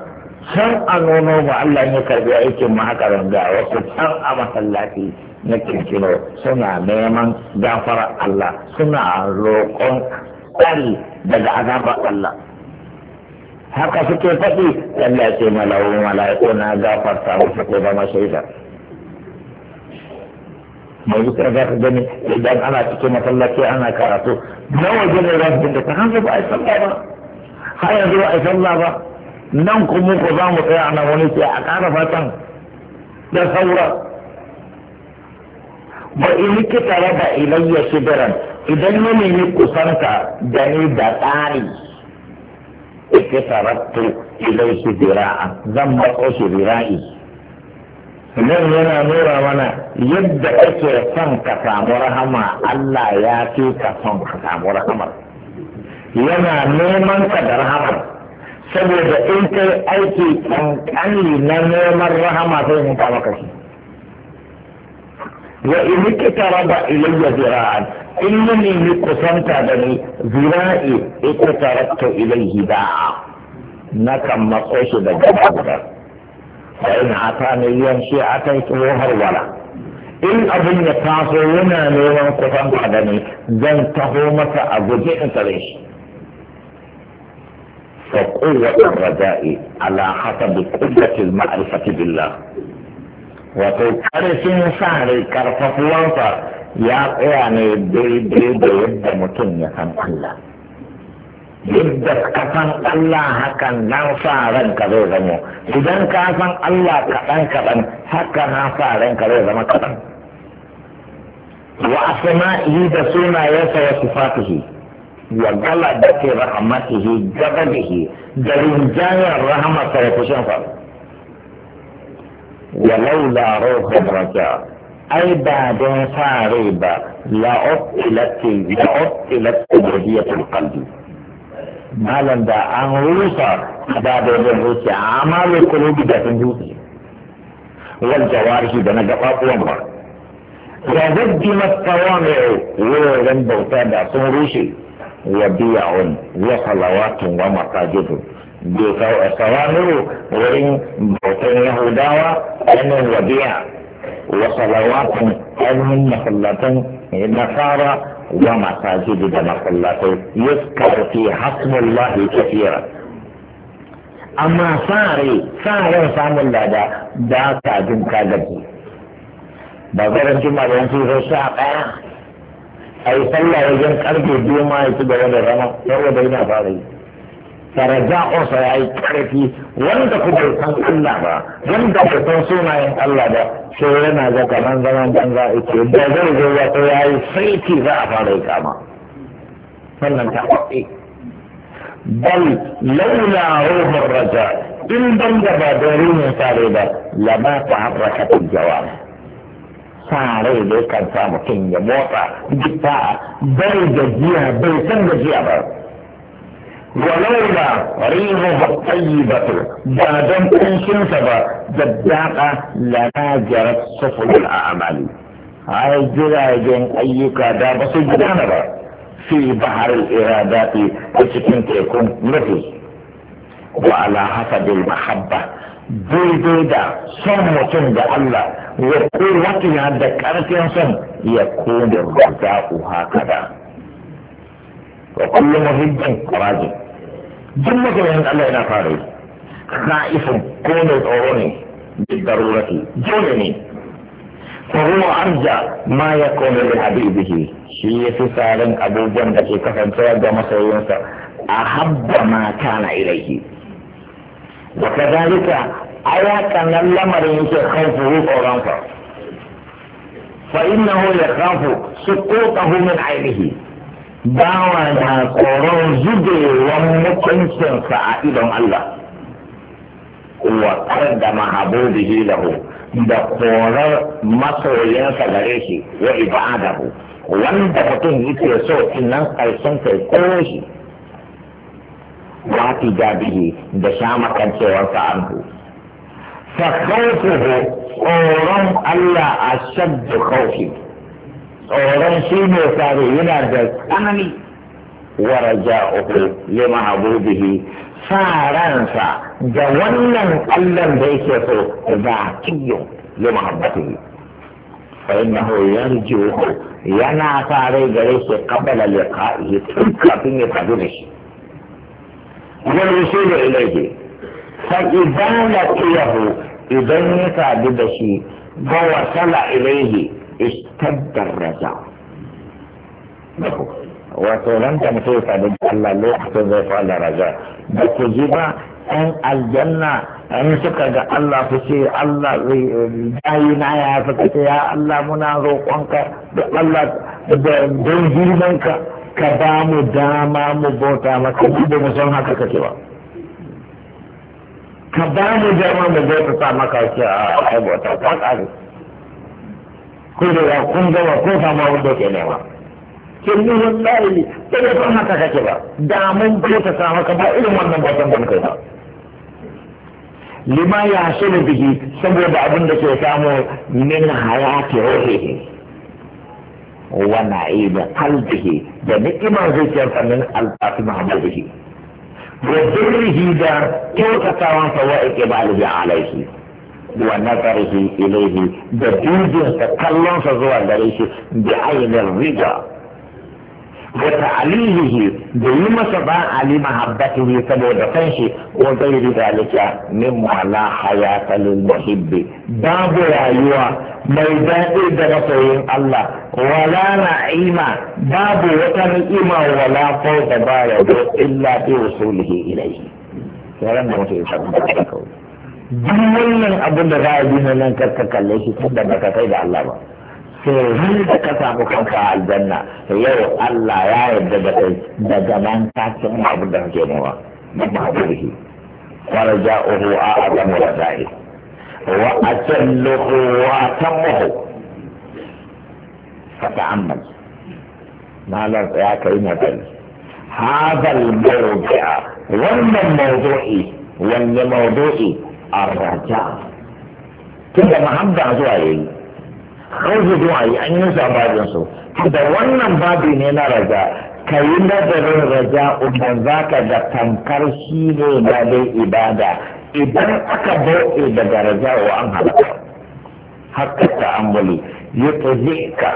S1: can a nono ba Allah ya karbi aikin mu haka wasu a masallaci na kirkiro suna neman gafara Allah suna roƙon tsari daga azabar Allah haka suke faɗi Allah ce malawu mala'iku na gafarta musu ko zama shaida mai yi za ka gani idan ana cikin masallaci ana karatu na waje ne za su dinga ta hanzu ba a yi sallah ba har yanzu ba a yi sallah ba nan kuma ko za mu tsaya a nan wani ce a ƙara fatan da saura ba in kitara da ilayya shibiran idan ya nemi kusanta da ni da tsari ikitarattu ilaihi zira'a zan matso shi nan yana nuna mana yadda kake son ka samu rahama Allah ya ce ka son ka samu rahama yana neman ka da Rahama saboda in kai aiki kankani na neman rahama sai in ka maka shi وإن اقترب إلي ذراعا إنني مكسنت بني ذراعي اقتربت إليه داعا نكم مقوش بجبابك فإن عطاني يمشي أتيته هر ولا إن أبن يتعصر لنا نيوان كفان قدني زن تهومة أبو جئن تريش فقوة الرجاء على حسب قدرة المعرفة بالله wato karfin sa rai karfafuwansa ya tsaya ne daidai da yadda mutum ya san Allah yadda ka san Allah hakan nan sa ranka zai zamo idan ka san Allah kaɗan kaɗan haka na sa ranka zai zama kaɗan wa asma'ihi da sunayensa wa sifatihi wa gala da ke rahmatihi gabadihi da rinjayar rahmatar kushin faru ولولا روح الرجاء أي بعد فاريبة لأبطلت لأبطلت أبدية القلب malam da an rusa da adabobin rusa, amma mai kulubi da sun dutse wal jawarihi da na gaɓaɓuwan ba ya zabbi mastawa mai wuraren bauta da sun rushe wa wani. wa salawatun wa masajidun صوامره ورين بوتين يهوداوة أنه وديع وصلوات أنهم مصلاة النصارى ومساجد مصلاة يذكر في حسم الله كثيرا أما صاري صاري صام الله دا دا تاجم كاجبي بغير جمعة ينسي غشاء أي صلى وجن قلبي بيوما يتبغل الرمى يوم بينا فاري taraja'unsa ya yi ƙarfi wanda ku bai san Allah ba wanda ku san sunayen Allah ba sai yana ga kaman zaman banza ake da zai zo ya ta yayi saiti za a fara yi kama sannan ta kwaɗe bal laula ruhur raja in ban da ba da ruhin sare ba lama ta harrakatul jawab sare da kan samu kin ya motsa duk ba'a bai gajiya bai san gajiya ba ولولا ريضه الطيبة بعدم كنشن سبا دباقة جرت سفل الأعمال هاي جراجين ايكا دابا سجدان با في بحر الإرادات وشكين تيكون نفي وعلى حسب المحبة daidai da son mutum da Allah ya kowatiya da ƙarfin son ya kone ba za ku haka duk magoyan Allah yana fara yi na'ifin ko mai tsoro ne da darurati dole ne faruwa arja ma ya kone da habibihi shi ya fi tsarin abubuwan da ke kasancewa ga masoyinsa a habba ma kana ilaihi
S2: da aya
S1: ayakan lamarin yake kanfu tsoronsa fa innahu yakhafu suqutahu min ainihi bawa na tsoron zubewan mutuncinsa a idon Allah wa da mahabubihi lahu da korar masoyinsa gare shi wa ibadahu wanda mutum yake so innan karshen kai kore shi wati gabihi da sha makancewarsa anhu fa khawfuhu tsoron Allah a shadda khawfi tsoron shi ne tsari yana da tsanani wa raja'uhu li ma'budihi sa ransa da wannan Allah da yake so zakiyyu li mahabbatihi fa innahu yarji'uhu yana fare gare shi qabala liqa'ihi tun kafin ya sadu da shi wal wusul ilayhi fa idza laqiyahu idan ya sadu da shi ba wasala ilayhi اشتد الرجع وطولان كان فيه قال له احتضى فعل رجع بس جيبا ان الجنة ان شكا الله في شيء الله جاينا يا فكت يا الله مناظر قنك الله دون جيبنك كدام داما مبوتا ما كنت بمسلمها كتبا كدام داما مبوتا ما كنت بمسلمها كتبا kurewa kun gawa ko sama wanda ke nema kin nuna tsari ba da san haka kake ba da mun bai ta samu ka ba irin wannan ba san da kai ba lima ya shirya biki saboda abin da ke samu min hayati ruhihi wa na'ida qalbihi da ni'imar zuciyar min alfafi fati mahmudihi wa dirrihi da kyautatawan sa wa iqbalihi alaihi wa nazarihi ilaihi da dubinsa kallonsa zuwa gare shi bi ainihin rija wa ta'alihihi da yi masa ba ali mahabbatihi saboda san shi riga ghairi dalika min la hayata lil muhibbi babu rayuwa mai daɗi da masoyin Allah wala na'ima babu wata ni'ima wala fawda ba yabo illa bi da mutum ya samu da duk wannan abin da za a bi nan karka kalle shi tunda baka kai da Allah ba to sai da ka samu kanka a aljanna yau Allah ya yarda da kai daga nan ka cin abin da kake nema ba ba haƙuri farja'uhu a'zamu raza'i wa ajalluhu wa fa ta'ammal malar ya kai magana hadha al-mawdi'a wannan mawdu'i wannan mawdu'i arraja tun da mahabba zuwa ya yi kawai zuwa yi an yi sabajin su da wannan babi ne na raja ka yi nazarin raja umar za ka ga tankar shi ne na dai ibada idan aka bauɗe daga raja wa an halaka hakka ta ambali ya ka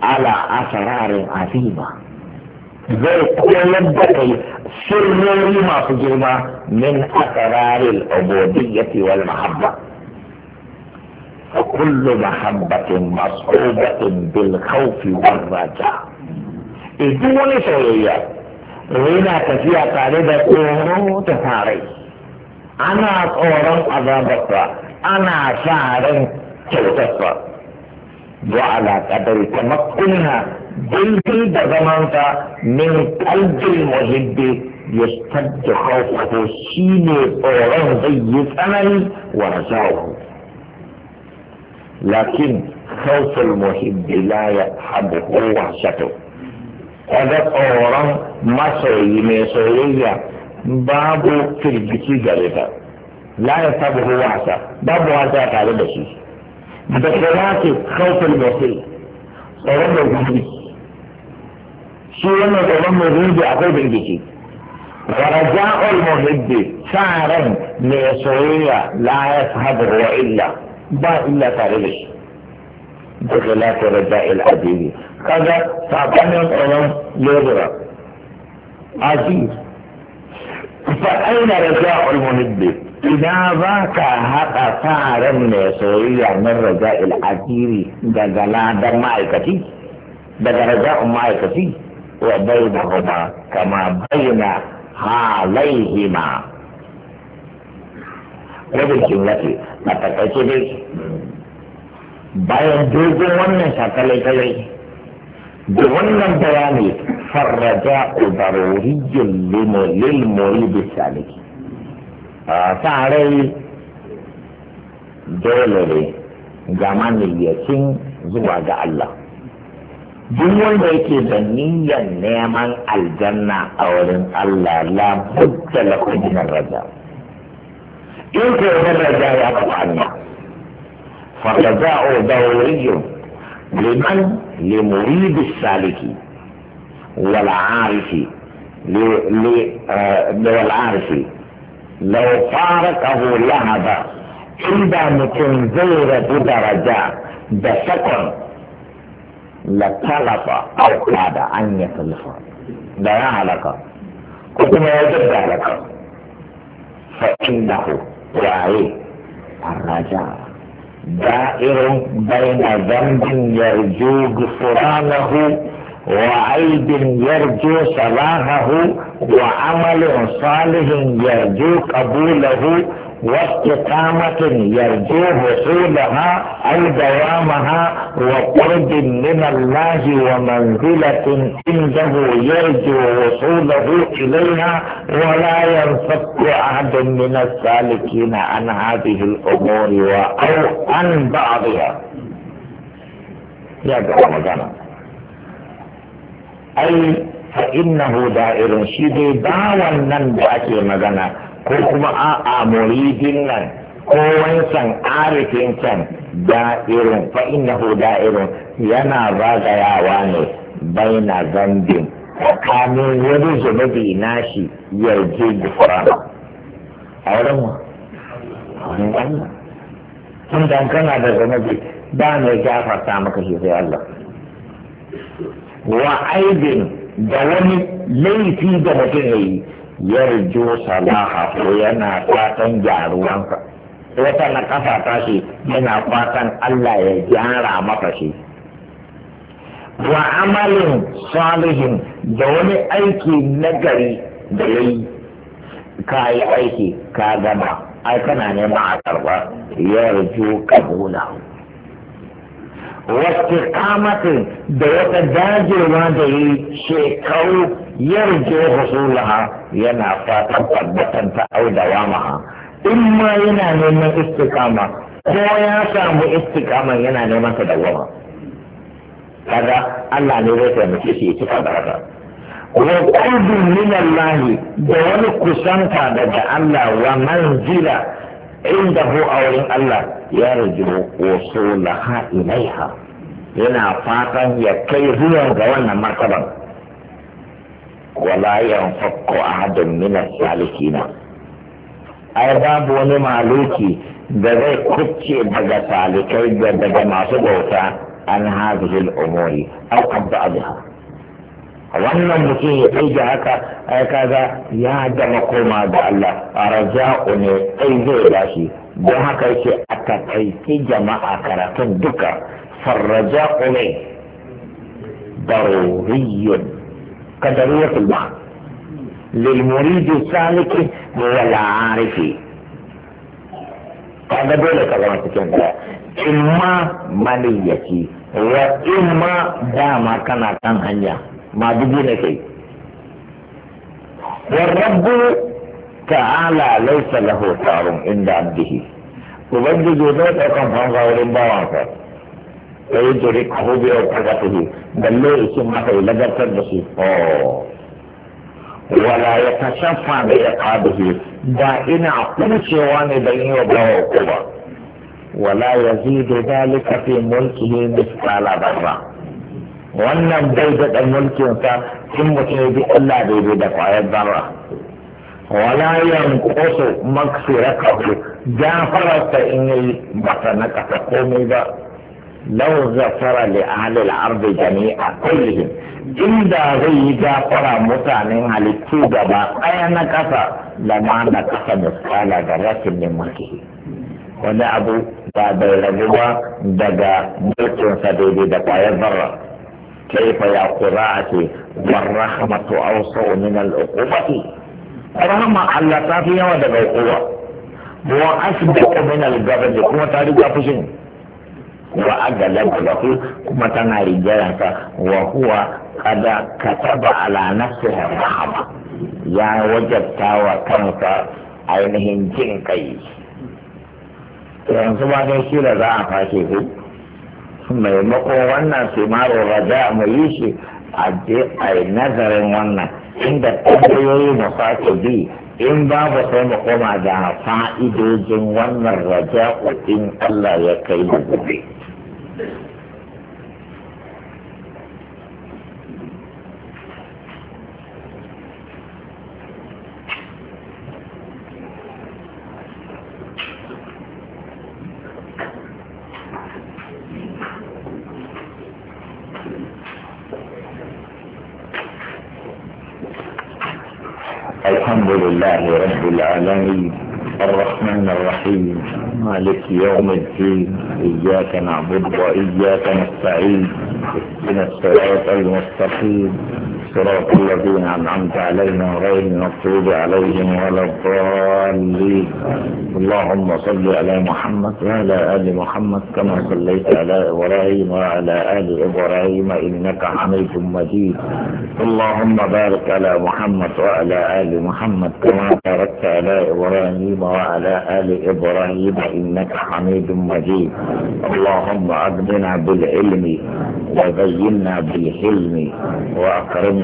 S1: ala asararin azima zai koyar da kai sirrori masu girma min asraril ubudiyyati wal فكل محبة مصعوبة بالخوف والرجاء إذن سوية رينا تفيا طالبة كورو تفاري أنا أورم أضابك أنا شعر كوتك وعلى قدر تمكنها بالکل دا من قلب المحب يستد خوفه سين اوران زي ثمن ورزاه لكن خوف المحب لا يحبه وحشته هذا اوران ما سوي ما سوي بابو في الجسي جريبا لا يحبه وحشة بابو هذا قال بشي بخلاف خوف المحب اوران الجسي سيما wannan tsoron muhibbi akwai bincike ورجاء المحب سارا ليسويا لا يصحب إلا با إلا تاريخ بخلاف رجاء الحبيب كذا سابقا الأمم يضرب عزيز فأين رجاء المحب إذا ذاك هذا سارا ليسويا من رجاء العديري دجلا دمائكتي دجلا دمائكتي wa bainahuma kama baina halaihima rabin kimlati a takaice bayan dogon wannan shakalai-kalai da wannan bayani farraja daruriyyun lil da shaliki a tsarai dole ne ga maniyyacin zuwa ga Allah duk wanda yake da niyyar neman aljanna a wurin Allah la budda la kujina raja in ko wani raja ya ku hanya fa raja'u dawriyyun liman li muridi saliki wal arifi li wal arifi law faraqahu lahaba inda mutum zai rabu daraja da sakon la talaba auka da an ya talfa da ya halaka ko kuma ya da halaka fa innahu waye arraja دائر بين ذنب يرجو غفرانه وعيب يرجو صلاحه وعمل صالح يرجو قبوله واستقامة يرجو حصولها أي دوامها وقرب من الله ومنزلة عنده يرجو وصوله إليها ولا ينفك أحد من السالكين عن هذه الأمور أو عن بعضها يا جماعة أي فإنه دائر شديد دعوى النبي أكي مغنى ko kuma a'a muridin nan ko wancan arifin can da'irin fa innahu da'irin yana ragayawa ne baina zambin tsakanin wani zunubi nashi yarje gufurana a wurin wa tun dangana da zunubi ba mai gafarta maka shi sai Allah wa aibin da wani laifi da mutum ya yi yarjo salaha ko yana fatan gyaruwanka. wata na kafa ta yana fatan Allah ya gyara maka shi wa amalin salihin da wani aiki nagari da ya yi ka yi aiki ka gama ai kana neman a karba yarjo kabula wasu kamatin da wata dajewa da yi shekaru yarje hasulaha yana fatan tabbatan ta audawa maha in ma yana neman istikama ko ya samu istikama yana neman ta dawama kaga Allah ne zai taimake shi ya cika baraka wa qurbun min Allah da wani kusanta daga Allah wa manzila عنده او عند الله يرجو وصولها اليها هنا فاقا يكي هو جوانا مرتبا ولا ينفق احد من السالكين اي باب ونما لوكي بغي كتشي بغا سالكي بغا ما سبوتا عن هذه الامور او قد بعضها wannan mutum ya kai da haka ai kaga ya da makoma da Allah arja'u ne ai zai bashi don haka yake a takaici jama'a karatun duka farraja'u ne daruriyun kadariyatul ba lil lilmuridi saliki la arifi kaga dole ka zama cikin da imma maniyyaci wa imma dama kana kan hanya ma dubu ne kai warrabu ta'ala laisa lahu tarun inda abdihi ubangiji zai ɗaukan fansa wurin bawansa ya yi jiri kahu biyar kagatuhi balle ya ce maka lagartar da shi oh. wala ya tashafa da ya kaduhi da ina kucewa ne da yi wa bawa kuma wala ya dalika fi mulkihi misqala barra wannan bai da mulkin sa, in mutum ya bi Allah daidai da kwayar zarra wala yanqusu maghfiratahu gafararsa in yi bata na kasa komai ba law zafara li ahli al-ardi jami'a kullihim inda zai yi gafara mutanen halittu gaba ɗaya na kasa da na kasa misala da rashin min mulki wani abu ba bai rabu ba daga mulkinsa daidai da kwayar zarra كيف يا قراءتي والرحمة أوسع من العقوبة رحمة الله تعطي ودب القوة وأسبق من الجبل كما تاريخ أفشين وأجلب له كما تناري جلسة وهو قد كتب على نفسه الرحمة يا وجدت وكنت ainihin jin kai yanzu ba dai shi da za a fashe ku maimakon wannan su maro raja mu yi shi a je a yi nazarin wannan inda tambayoyi mu sake bi in babu sai mu koma da fa'idojin wannan raja'u in Allah ya kai mu gobe. المستقيم إياك نعبد وإياك نستعين اهدنا الصراط المستقيم الصراط الذين أنعمت علينا غير المغضوب عليهم ولا الضالين اللهم صل على محمد وعلى آل محمد كما صليت على إبراهيم وعلى آل إبراهيم إنك حميد مجيد اللهم بارك على محمد وعلى آل محمد كما باركت على إبراهيم وعلى آل إبراهيم إنك حميد مجيد اللهم أغننا بالعلم وبينا بالحلم وأكرمنا